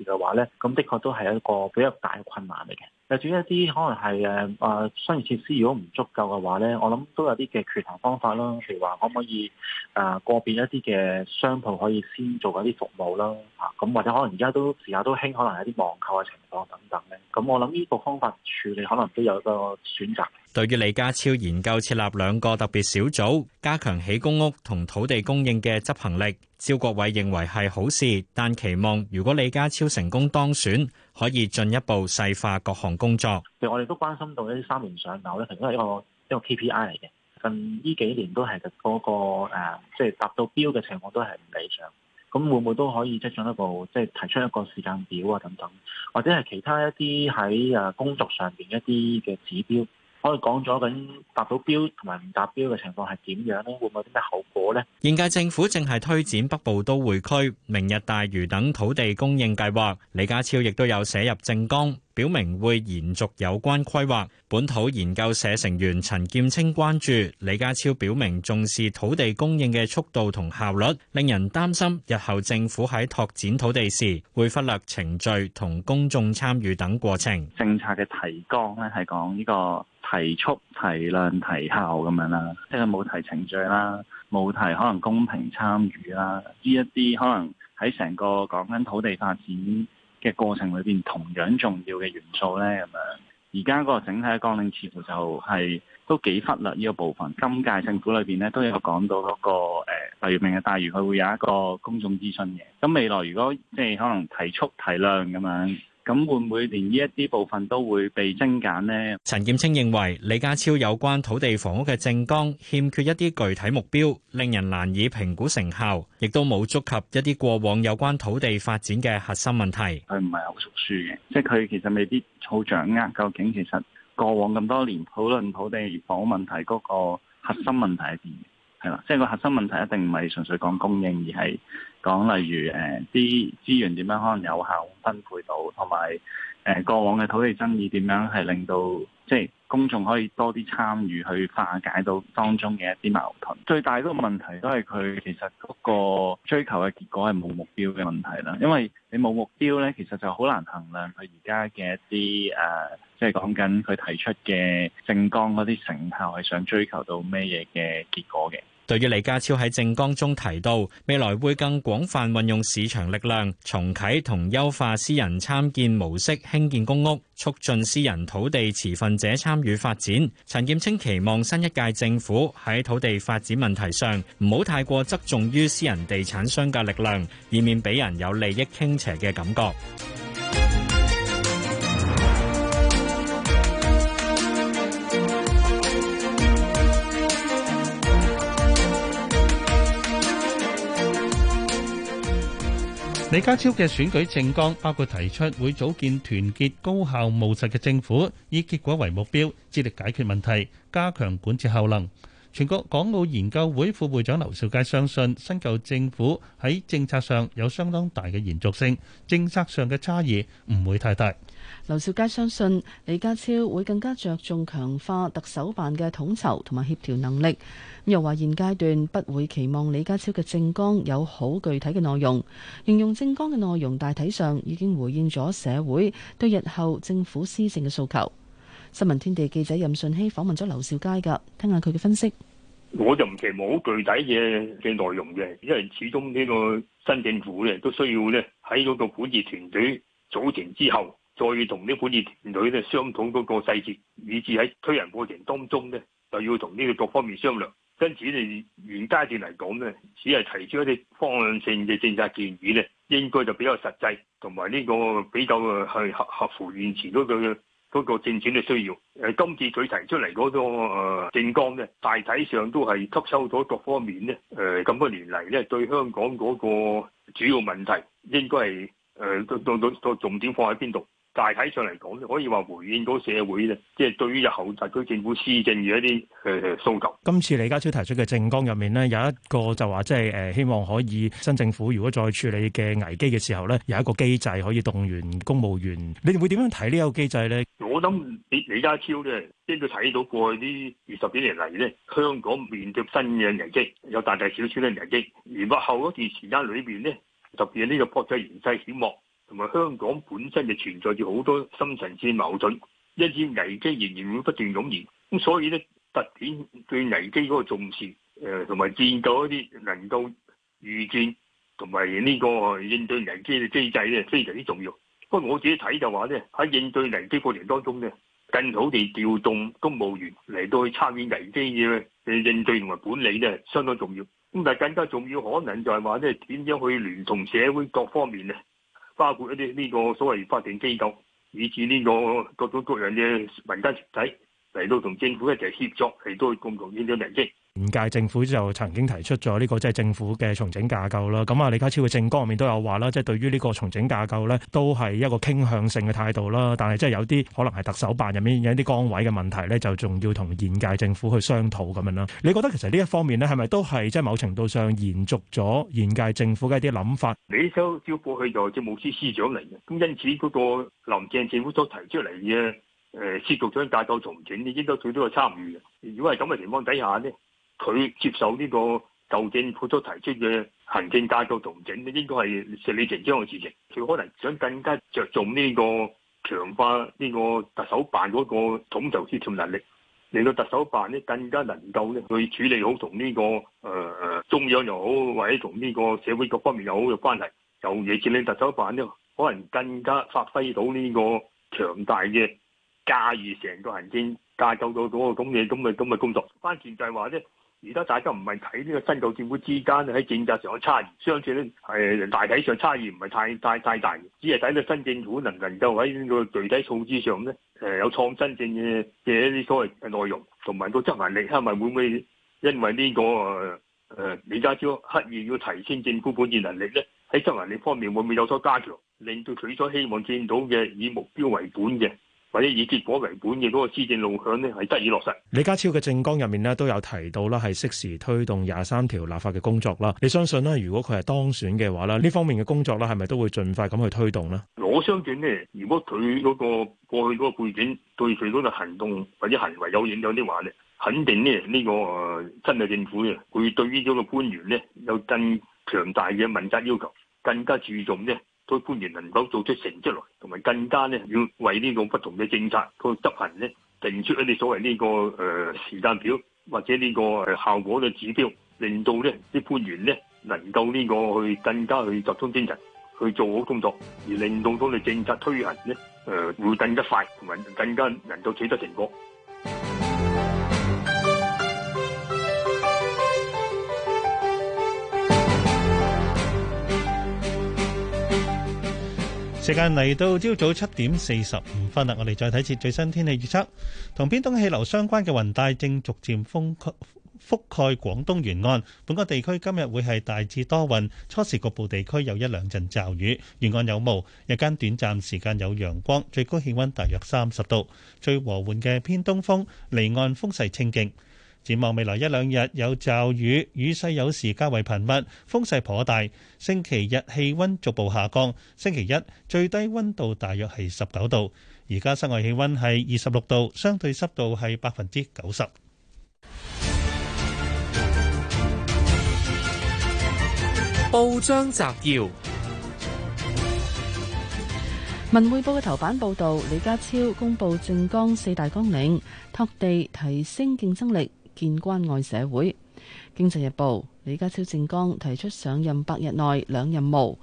嘅話咧，咁的確都係一個比較大嘅困難嚟嘅。誒，至於一啲可能係誒啊商業設施如果唔足夠嘅話咧，我諗都有啲嘅決策方法咯。譬如話，可唔可以啊個別一啲嘅商鋪可以先做一啲服務啦，啊咁或者可能而家都時下都興可能有啲網購嘅情況等等咧。咁我諗呢個方法處理可能都有一個選擇。對於李家超研究設立兩個特別小組，加強起公屋同土地供應嘅執行力。招國偉認為係好事，但期望如果李家超成功當選，可以進一步細化各項工作。其我哋都關心到呢三年上樓咧，係因為一個一個 KPI 嚟嘅。近呢幾年都係嗰個誒，即係達到標嘅情況都係唔理想。咁會唔會都可以即係進一步，即係提出一個時間表啊，等等，或者係其他一啲喺誒工作上邊一啲嘅指標。我哋講咗緊達到標同埋唔達標嘅情況係點樣呢？會冇啲咩後果呢？現屆政府正係推展北部都會區、明日大嶼等土地供應計劃，李家超亦都有寫入政綱，表明會延續有關規劃。本土研究社成員陳劍青關注李家超表明重視土地供應嘅速度同效率，令人擔心日後政府喺拓展土地時會忽略程序同公眾參與等過程。政策嘅提綱呢係講呢個。提速、提量、提效咁樣啦，即係冇提程序啦，冇提可能公平參與啦，呢一啲可能喺成個講緊土地發展嘅過程裏邊同樣重要嘅元素呢。咁樣而家個整體嘅綱領似乎就係、是、都幾忽略呢個部分。今屆政府裏邊呢，都有講到嗰、那個誒、呃、明日大嶼嘅大嶼，佢會有一個公眾諮詢嘅。咁未來如果即係可能提速、提量咁樣。咁會唔會連呢一啲部分都會被精簡呢？陳劍清認為李家超有關土地房屋嘅政綱欠缺一啲具體目標，令人難以評估成效，亦都冇觸及一啲過往有關土地發展嘅核心問題。佢唔係好熟書嘅，即係佢其實未必好掌握究竟其實過往咁多年討論土地房屋問題嗰個核心問題係點。係啦，即係個核心問題一定唔係純粹講供應，而係講例如誒啲資源點樣可能有效分配到，同埋誒過往嘅土地爭議點樣係令到即係公眾可以多啲參與去化解到當中嘅一啲矛盾。最大嗰個問題都係佢其實嗰個追求嘅結果係冇目標嘅問題啦，因為你冇目標呢，其實就好難衡量佢而家嘅一啲誒。Uh, 即係講緊佢提出嘅政綱嗰啲成效係想追求到咩嘢嘅結果嘅。對於李家超喺政綱中提到，未來會更廣泛運用市場力量，重啟同優化私人參建模式，興建公屋，促進私人土地持份者參與發展。陳劍清期望新一屆政府喺土地發展問題上，唔好太過側重於私人地產商嘅力量，以免俾人有利益傾斜嘅感覺。李家超嘅選舉政綱包括提出會組建團結高效務實嘅政府，以結果為目標，致力解決問題，加強管治效能。全國港澳研究會副會長劉兆佳相信，新舊政府喺政策上有相當大嘅延續性，政策上嘅差異唔會太大。劉少佳相信李家超會更加着重強化特首辦嘅統籌同埋協調能力。又話現階段不會期望李家超嘅政綱有好具體嘅內容，形容政綱嘅內容大體上已經回應咗社會對日後政府施政嘅訴求。新聞天地記者任順熙訪問咗劉少佳噶，聽下佢嘅分析。我就唔期望好具體嘅嘅內容嘅，因為始終呢個新政府咧都需要咧喺嗰個管治團隊組成之後。再呢同呢本治團隊咧商討嗰個細節，以至喺推人過程當中咧，就要同呢個各方面商量。因此咧，現階段嚟講咧，只係提出一啲方向性嘅政策建議咧，應該就比較實際，同埋呢個比較係合合乎現前嗰個嗰、那個、政綫嘅需要。誒今次佢提出嚟嗰、那個、呃、政綱咧，大體上都係吸收咗各方面咧誒咁多年嚟咧對香港嗰個主要問題，應該係誒到到到到重點放喺邊度？大體上嚟講，可以話回應到社會嘅，即、就、係、是、對於日後特區政府施政嘅一啲誒訴求。今次李家超提出嘅政綱入面咧，有一個就話，即係誒希望可以新政府如果再處理嘅危機嘅時候咧，有一個機制可以動員公務員。你哋會點樣睇呢個機制咧？我諗李李家超咧，應該睇到過去啲二十幾年嚟咧，香港面對新嘅危機，有大大小小嘅危機，而幕後嗰段時間裏邊咧，特別係呢個國際形勢險惡。同埋香港本身就存在住好多深層次矛盾，因此危機仍然會不斷湧現。咁所以咧，特點對危機嗰個重視，誒、呃，同埋建構一啲能夠預見同埋呢個應對危機嘅機制咧，非常之重要。不過我自己睇就話咧，喺應對危機過程當中咧，更好地調動公務員嚟到去參與危機嘅應對同埋管理咧，相當重要。咁但係更加重要，可能就係話咧，點樣去聯同社會各方面咧？包括一啲呢個所謂法定機構，以至呢個各種各樣嘅民間團體嚟到同政府一齊協作，嚟到共同應對疫情。現屆政府就曾經提出咗呢個即係政府嘅重整架構啦。咁啊，李家超嘅政綱入面都有話啦，即係對於呢個重整架構咧，都係一個傾向性嘅態度啦。但係即係有啲可能係特首辦入面有啲崗位嘅問題咧，就仲要同現屆政府去商討咁樣啦。你覺得其實呢一方面咧，係咪都係即係某程度上延續咗現屆政府嘅一啲諗法？你收招呼去就政務司司長嚟嘅，咁因此嗰個林鄭政府所提出嚟嘅誒，司局長架構重整，呢啲都佢都有參與嘅。如果係咁嘅情況底下呢。佢接受呢個舊政府所提出嘅行政架構重整咧，應該係順理成章嘅事情。佢可能想更加着重呢個強化呢個特首辦嗰個統籌協調能力，令到特首辦咧更加能夠咧去處理好同呢、這個誒、呃、中央又好，或者同呢個社會各方面又好嘅關係。又而且咧，特首辦咧可能更加發揮到呢個強大嘅駕馭成個行政架構到嗰、這個咁嘢，咁嘅咁嘅工作。翻轉就係話咧。而家大家唔係睇呢個新舊政府之間喺政策上嘅差異，相對咧係大體上差異唔係太太太大，只係睇到新政府能唔能夠喺呢個具體措施上咧，誒有創新性嘅嘅一啲所謂內容，同埋個執行力，係咪會唔會因為呢個誒李家超刻意要提升政府管治能力咧，喺執行力方面會唔會有所加強，令到佢所希望見到嘅以目標為本嘅，或者以結果為本嘅嗰個施政路向呢，係得以落實。李家超嘅政綱入面呢，都有提到啦，係適時推動廿三條立法嘅工作啦。你相信咧，如果佢係當選嘅話咧，呢方面嘅工作咧，係咪都會盡快咁去推動呢？我相信呢，如果佢嗰個過去嗰個背景對佢嗰個行動或者行為有影響的話咧，肯定呢，呢、呢個啊真係政府啊，會對於呢個官員呢，有更強大嘅問責要求，更加注重呢。對官員能夠做出成績來，同埋更加咧要為呢個不同嘅政策去執行咧定出一啲所謂呢、這個誒、呃、時間表，或者呢個誒效果嘅指標，令到咧啲官員咧能夠呢個去更加去集中精神去做好工作，而令到當你政策推行咧誒、呃、會更加快，同埋更加能夠取得成果。時間嚟到朝早七點四十五分啦，我哋再睇次最新天氣預測。同偏東氣流相關嘅雲帶正逐漸覆蓋廣東沿岸，本港地區今日會係大致多雲，初時局部地區有一兩陣驟雨，沿岸有霧，日間短暫時間有陽光，最高氣温大約三十度，最和緩嘅偏東風，離岸風勢清勁。展望未來一兩日有驟雨，雨勢有時較為頻密，風勢頗大。星期日氣温逐步下降，星期一最低温度大約係十九度。而家室外氣温係二十六度，相對濕度係百分之九十。報章摘要：文匯報嘅頭版報導，李家超公布政綱四大綱領，拓地提升競爭力。建關愛社會，《經濟日報》李家超政綱提出上任百日內兩任務，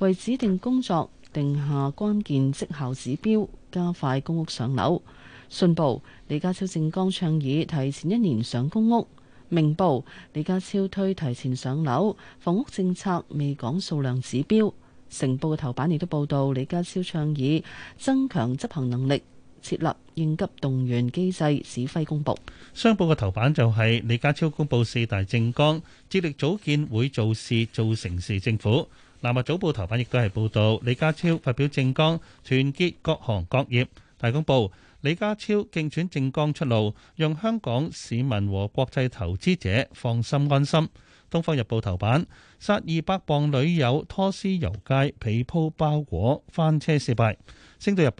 為指定工作定下關鍵績效指標，加快公屋上樓。信報，李家超政綱倡議提前一年上公屋。明報，李家超推提前上樓，房屋政策未講數量指標。成報嘅頭版亦都報道李家超倡議增強執行能力。設立應急動員機制，指揮公佈。商報嘅頭版就係李家超公佈四大政綱，致力組建會做事、做成事政府。南華早報頭版亦都係報道李家超發表政綱，團結各行各業。大公報李家超競選政綱出爐，讓香港市民和國際投資者放心安心。東方日報頭版殺二百磅女友拖屍遊街，被鋪包裹翻車失敗。《星島日報》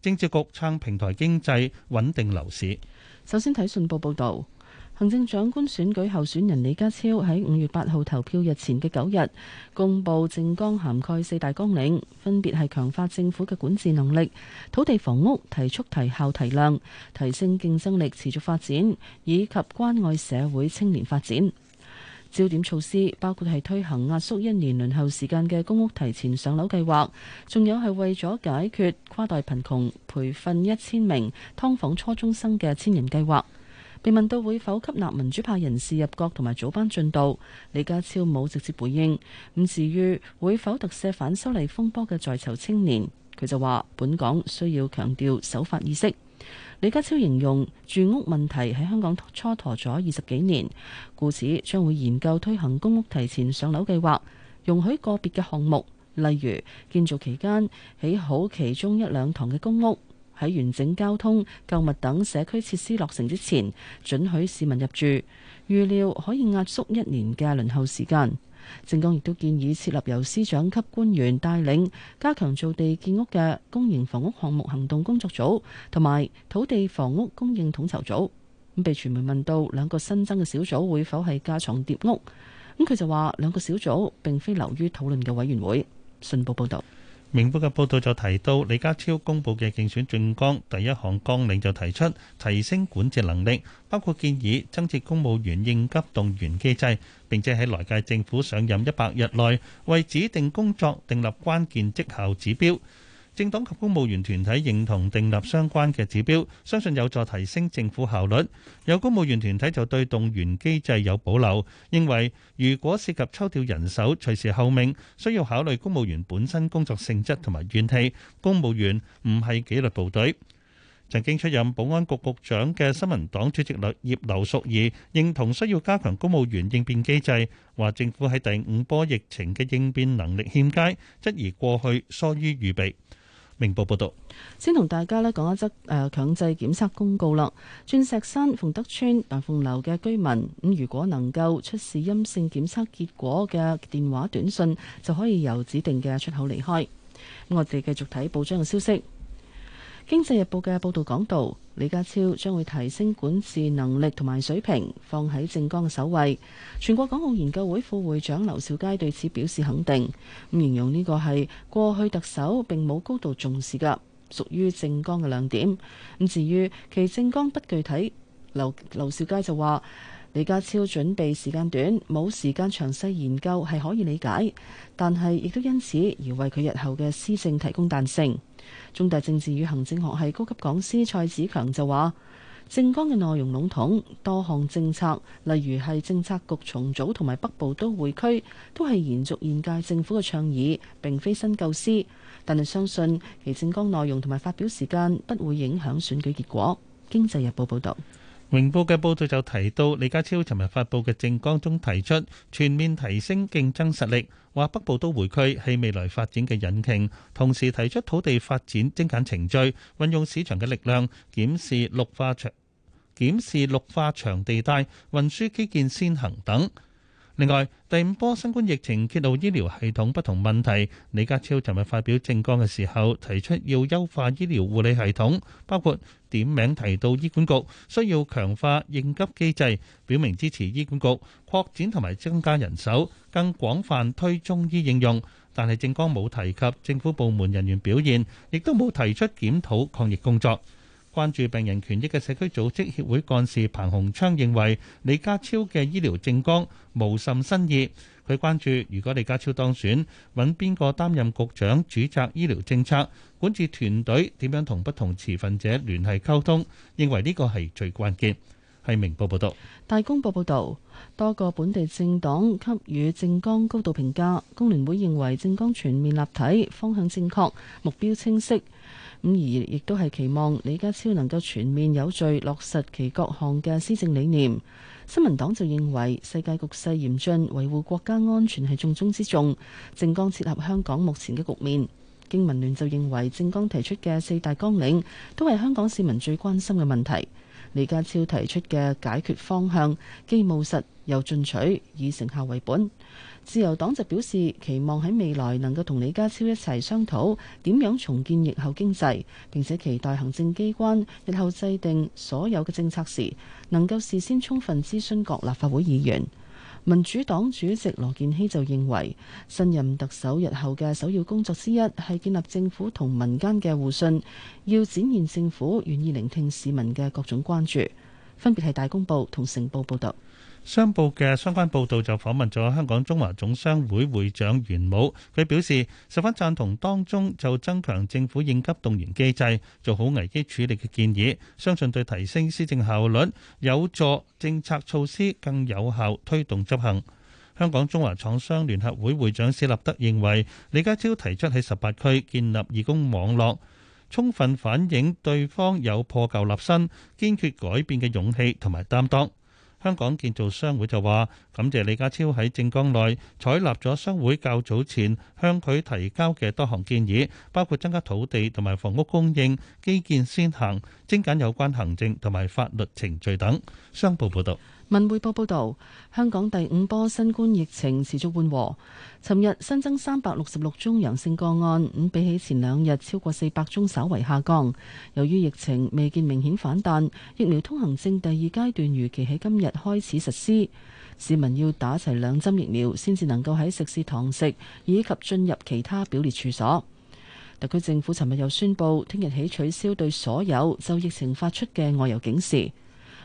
政治局撐，平台經濟穩定樓市。首先睇信報報道，行政長官選舉候選人李家超喺五月八號投票日前嘅九日公布政綱，涵蓋四大綱領，分別係強化政府嘅管治能力、土地房屋提速提效提量、提升競爭力持續發展，以及關愛社會青年發展。焦點措施包括係推行壓縮一年輪候時間嘅公屋提前上樓計劃，仲有係為咗解決跨代貧窮，培訓一千名劏房初中生嘅千人計劃。被問到會否吸納民主派人士入閣同埋早班進度，李家超冇直接回應。唔至於會否特赦反修例風波嘅在囚青年，佢就話本港需要強調守法意識。李家超形容住屋問題喺香港蹉跎咗二十幾年，故此將會研究推行公屋提前上樓計劃，容許個別嘅項目，例如建造期間起好其中一兩堂嘅公屋，喺完整交通、購物等社區設施落成之前，准許市民入住，預料可以壓縮一年嘅輪候時間。政綱亦都建議設立由司長級官員帶領，加強造地建屋嘅公營房屋項目行動工作組，同埋土地房屋供應統籌組，組。被傳媒問到兩個新增嘅小組會否係架床疊屋，咁佢就話兩個小組並非流於討論嘅委員會。信報報道。明報嘅報道就提到，李家超公佈嘅競選政綱第一項綱領就提出提升管治能力，包括建議增設公務員應急動員機制，並且喺來屆政府上任一百日內為指定工作訂立關鍵績效指標。政黨及公務員團體認同訂立相關嘅指標，相信有助提升政府效率。有公務員團體就對動員機制有保留，認為如果涉及抽調人手、隨時候命，需要考慮公務員本身工作性質同埋怨氣。公務員唔係紀律部隊。曾經出任保安局局長嘅新民黨主席葉劉淑儀認同需要加強公務員應變機制，話政府喺第五波疫情嘅應變能力欠佳，質疑過去疏於預備。明報報道，先同大家咧講一則誒強制檢測公告啦。鑽石山鳳德村大鳳樓嘅居民，咁、呃、如果能夠出示陰性檢測結果嘅電話短信，就可以由指定嘅出口離開。咁我哋繼續睇報章嘅消息。《經濟日報》嘅報導講道講到，李家超將會提升管治能力同埋水平，放喺政綱嘅首位。全國港澳研究會副會長劉兆佳對此表示肯定，咁形容呢個係過去特首並冇高度重視嘅，屬於政綱嘅亮點。咁至於其政綱不具體，劉劉兆佳就話：李家超準備時間短，冇時間詳細研究係可以理解，但係亦都因此而為佢日後嘅施政提供彈性。中大政治與行政學系高級講師蔡子強就話：政綱嘅內容籠統，多項政策，例如係政策局重組同埋北部都會區，都係延續現屆政府嘅倡議，並非新構思。但係相信其政綱內容同埋發表時間不會影響選舉結果。經濟日報報道。明報嘅報道就提到，李家超尋日發布嘅政綱中提出全面提升競爭實力，話北部都會區係未來發展嘅引擎，同時提出土地發展精簡程序，運用市場嘅力量檢視綠化長檢視綠化地帶、運輸基建先行等。另外，第五波新冠疫情揭露醫療系統不同問題，李家超尋日發表政綱嘅時候，提出要優化醫療護理系統，包括點名提到醫管局需要強化應急機制，表明支持醫管局擴展同埋增加人手，更廣泛推中醫應用。但係政綱冇提及政府部門人員表現，亦都冇提出檢討抗疫工作。關注病人權益嘅社區組織協會幹事彭洪昌認為李家超嘅醫療政綱無甚新意。佢關注如果李家超當選，揾邊個擔任局長主責醫療政策，管治團隊點樣同不同持份者聯繫溝通，認為呢個係最關鍵。係明報報道。大公報報道，多個本地政黨給予政綱高度評價。工聯會認為政綱全面立體，方向正確，目標清晰。咁而亦都係期望李家超能夠全面有序落實其各項嘅施政理念。新民黨就認為世界局勢嚴峻，維護國家安全係重中之重。政綱切合香港目前嘅局面。經民聯就認為政綱提出嘅四大綱領都係香港市民最關心嘅問題。李家超提出嘅解決方向既務實，又進取，以成效為本。自由黨就表示期望喺未來能夠同李家超一齊商討點樣重建疫後經濟，並且期待行政機關日後制定所有嘅政策時能夠事先充分諮詢各立法會議員。民主黨主席羅建熙就認為，新任特首日後嘅首要工作之一係建立政府同民間嘅互信，要展現政府願意聆聽市民嘅各種關注。分別係大公報同成報報道。商報嘅相關報道就訪問咗香港中華總商會會長袁武,佢表示,十分贊同當中就增強政府應急動員機制,做好危機處理嘅建議,相信對提升施政效率,有助政策措施更有效推動執行。香港中華廠商聯合會會長施立德認為,李家超提出喺十八區建立義工網絡,充分反映對方有破舊立新,堅決改變嘅勇氣同埋擔當。香港建造商會就話，感謝李家超喺政綱內採納咗商會較早前向佢提交嘅多項建議，包括增加土地同埋房屋供應、基建先行、精簡有關行政同埋法律程序等。商報報道。文匯報報道，香港第五波新冠疫情持續緩和。尋日新增三百六十六宗陽性個案，咁比起前兩日超過四百宗，稍為下降。由於疫情未見明顯反彈，疫苗通行證第二階段預期喺今日開始實施。市民要打齊兩針疫苗，先至能夠喺食肆堂食以及進入其他表列處所。特區政府尋日又宣布，聽日起取消對所有就疫情發出嘅外遊警示。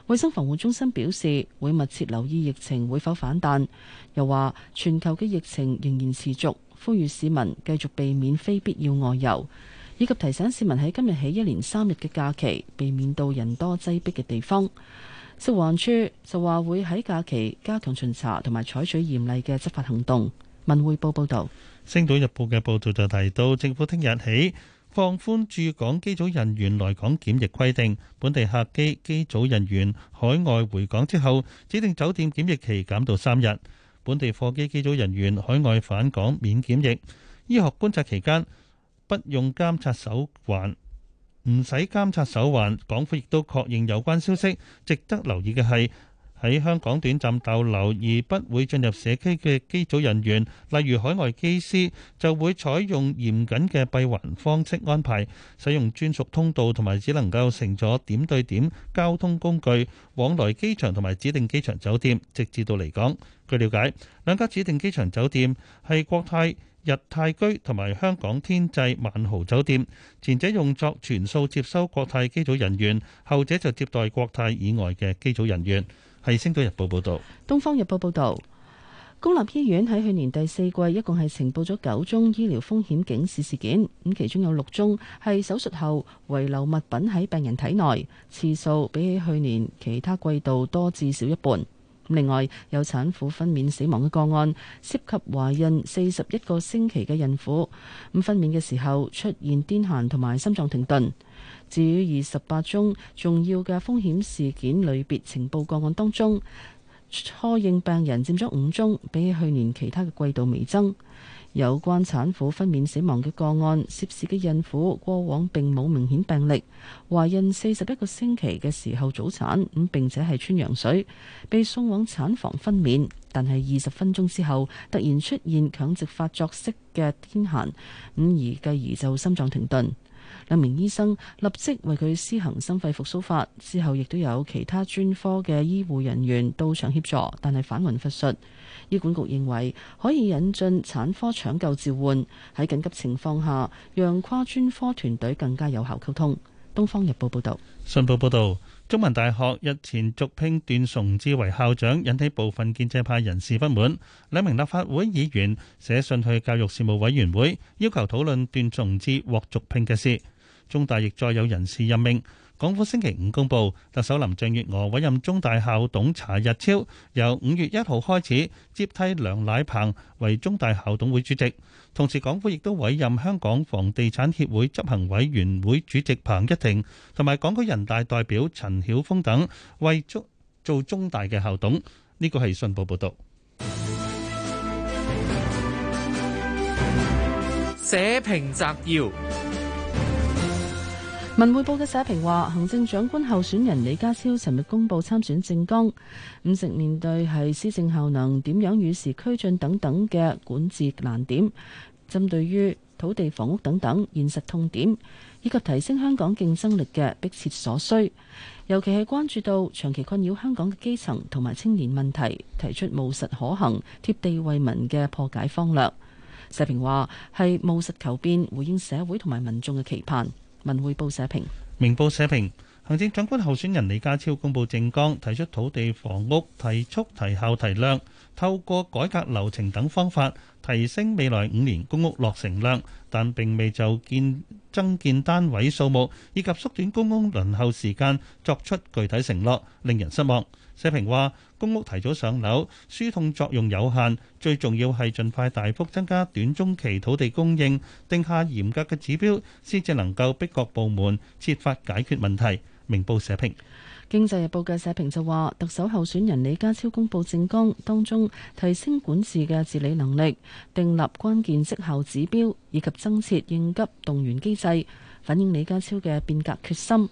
衛生防護中心表示會密切留意疫情會否反彈，又話全球嘅疫情仍然持續，呼籲市民繼續避免非必要外遊，以及提醒市民喺今日起一連三日嘅假期避免到人多擠逼嘅地方。食環署就話會喺假期加強巡查同埋採取嚴厲嘅執法行動。文匯報報道，《星島日報》嘅報道就提到，政府聽日起。放寬駐港機組人員來港檢疫規定，本地客機機組人員海外回港之後，指定酒店檢疫期減到三日；本地貨機機組人員海外返港免檢疫，醫學觀察期間不用監察手環，唔使監察手環。港府亦都確認有關消息，值得留意嘅係。喺香港短暫逗留,而不會進入社區嘅機組人員,例如海外機師,就會採用嚴謹嘅閉環方式安排,使用專屬通道同埋只能夠乘坐點對點,交通工具,往來機場同埋指定機場酒店,直至到離港。據了解,兩家指定機場酒店,係國泰,日泰居同埋香港天際萬豪酒店,前者用作全數接收國泰機組人員,後者就接待國泰以外嘅機組人員,係《星島日報》報道，《東方日報》報道，公立醫院喺去年第四季一共係呈報咗九宗醫療風險警示事件，咁其中有六宗係手術後遺留物品喺病人體內，次數比起去年其他季度多至少一半。另外有產婦分娩死亡嘅個案，涉及懷孕四十一個星期嘅孕婦，咁分娩嘅時候出現癲癇同埋心臟停頓。至於二十八宗重要嘅風險事件類別情報個案當中，初認病人佔咗五宗，比起去年其他嘅季度微增。有關產婦分娩死亡嘅個案，涉事嘅孕婦過往並冇明顯病歷，懷孕四十一個星期嘅時候早產，咁並且係穿羊水，被送往產房分娩，但係二十分鐘之後突然出現強直發作式嘅癲癇，咁而繼而就心臟停頓。兩名醫生立即為佢施行心肺復甦法，之後亦都有其他專科嘅醫護人員到場協助，但係反魂乏術。醫管局認為可以引進產科搶救召喚，喺緊急情況下讓跨專科團隊更加有效溝通。《東方日報》報道，《信報》報道，中文大學日前續聘段崇智為校長，引起部分建制派人士不滿。兩名立法會議員寫信去教育事務委員會，要求討論段崇智獲續聘嘅事。中大亦再有人事任命，港府星期五公布，特首林鄭月娥委任中大校董查日超，由五月一號開始接替梁乃鵬為中大校董會主席。同時，港府亦都委任香港房地產協會執行委員會主席彭一婷，同埋港區人大代表陳曉峰等為中做中大嘅校董。呢個係信報報道。社評摘要。文匯報嘅社評話，行政長官候選人李家超尋日公布參選政綱，五成面對係施政效能點樣與時俱進等等嘅管治難點，針對於土地、房屋等等現實痛點，以及提升香港競爭力嘅迫切所需，尤其係關注到長期困擾香港嘅基層同埋青年問題，提出務實可行、貼地為民嘅破解方略。社評話係務實求變，回應社會同埋民眾嘅期盼。文匯報社評。明報社評，行政長官候選人李家超公布政綱，提出土地房屋提速提效提量，透過改革流程等方法提升未來五年公屋落成量，但並未就建增建單位數目以及縮短公屋輪候時間作出具體承諾，令人失望。社評話：公屋提早上樓，疏通作用有限，最重要係盡快大幅增加短中期土地供應，定下嚴格嘅指標，先至能夠逼各部門設法解決問題。明報社評。《經濟日報》嘅社評就話，特首候選人李家超公布政綱，當中提升管治嘅治理能力，訂立關鍵績效指標，以及增設應急動員機制，反映李家超嘅變革決心。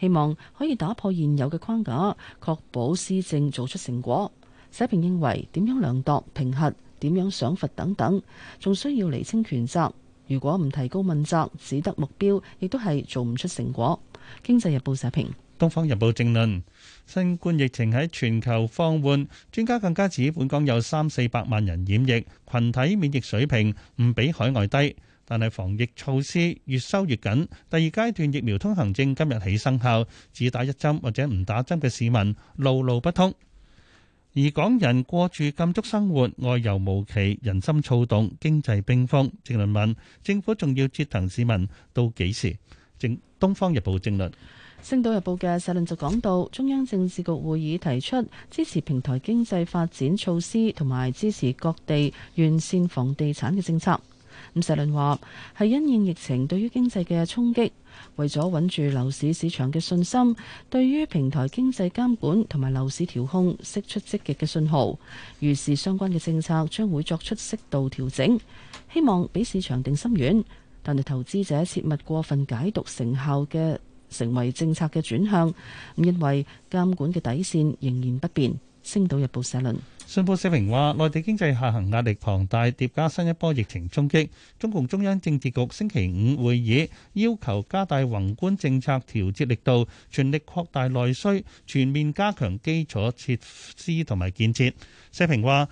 希望可以打破現有嘅框架，確保施政做出成果。社評認為，點樣量度、評核，點樣賞罰等等，仲需要釐清權責。如果唔提高問責，只得目標，亦都係做唔出成果。《經濟日報》社評。《東方日報》正論：新冠疫情喺全球放緩，專家更加指本港有三四百萬人染疫，群體免疫水平唔比海外低。但係防疫措施越收越緊，第二階段疫苗通行證今日起生效，只打一針或者唔打針嘅市民路路不通。而港人過住禁足生活，外遊無期，人心躁動，經濟冰封。正論問：政府仲要折騰市民到幾時？《正東方日報正論》正論。《星島日報》嘅社論就講到，中央政治局會議提出支持平台經濟發展措施，同埋支持各地完善房地產嘅政策。咁社論話係因應疫情對於經濟嘅衝擊，為咗穩住樓市市場嘅信心，對於平台經濟監管同埋樓市調控釋出積極嘅信號，預示相關嘅政策將會作出適度調整，希望俾市場定心丸。但係投資者切勿過分解讀成效嘅，成為政策嘅轉向，認為監管嘅底線仍然不變。星島日報社論。信報社評話：內地經濟下行壓力龐大，疊加新一波疫情衝擊。中共中央政治局星期五會議要求加大宏觀政策調節力度，全力擴大內需，全面加強基礎設施同埋建設。社評話。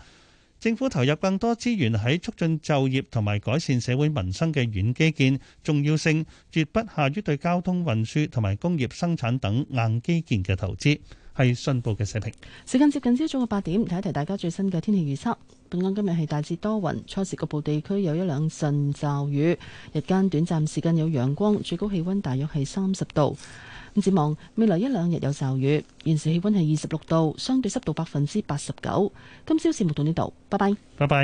政府投入更多資源喺促進就業同埋改善社會民生嘅軟基建，重要性絕不下於對交通運輸同埋工業生產等硬基建嘅投資，係信報嘅社評。時間接近朝早嘅八點，睇一提大家最新嘅天氣預測。本港今日係大致多雲，初時局部地區有一兩陣驟雨，日間短暫時間有陽光，最高氣温大約係三十度。展望未來一兩日有驟雨，現時氣温係二十六度，相對濕度百分之八十九。今朝節目到呢度，拜拜，拜拜。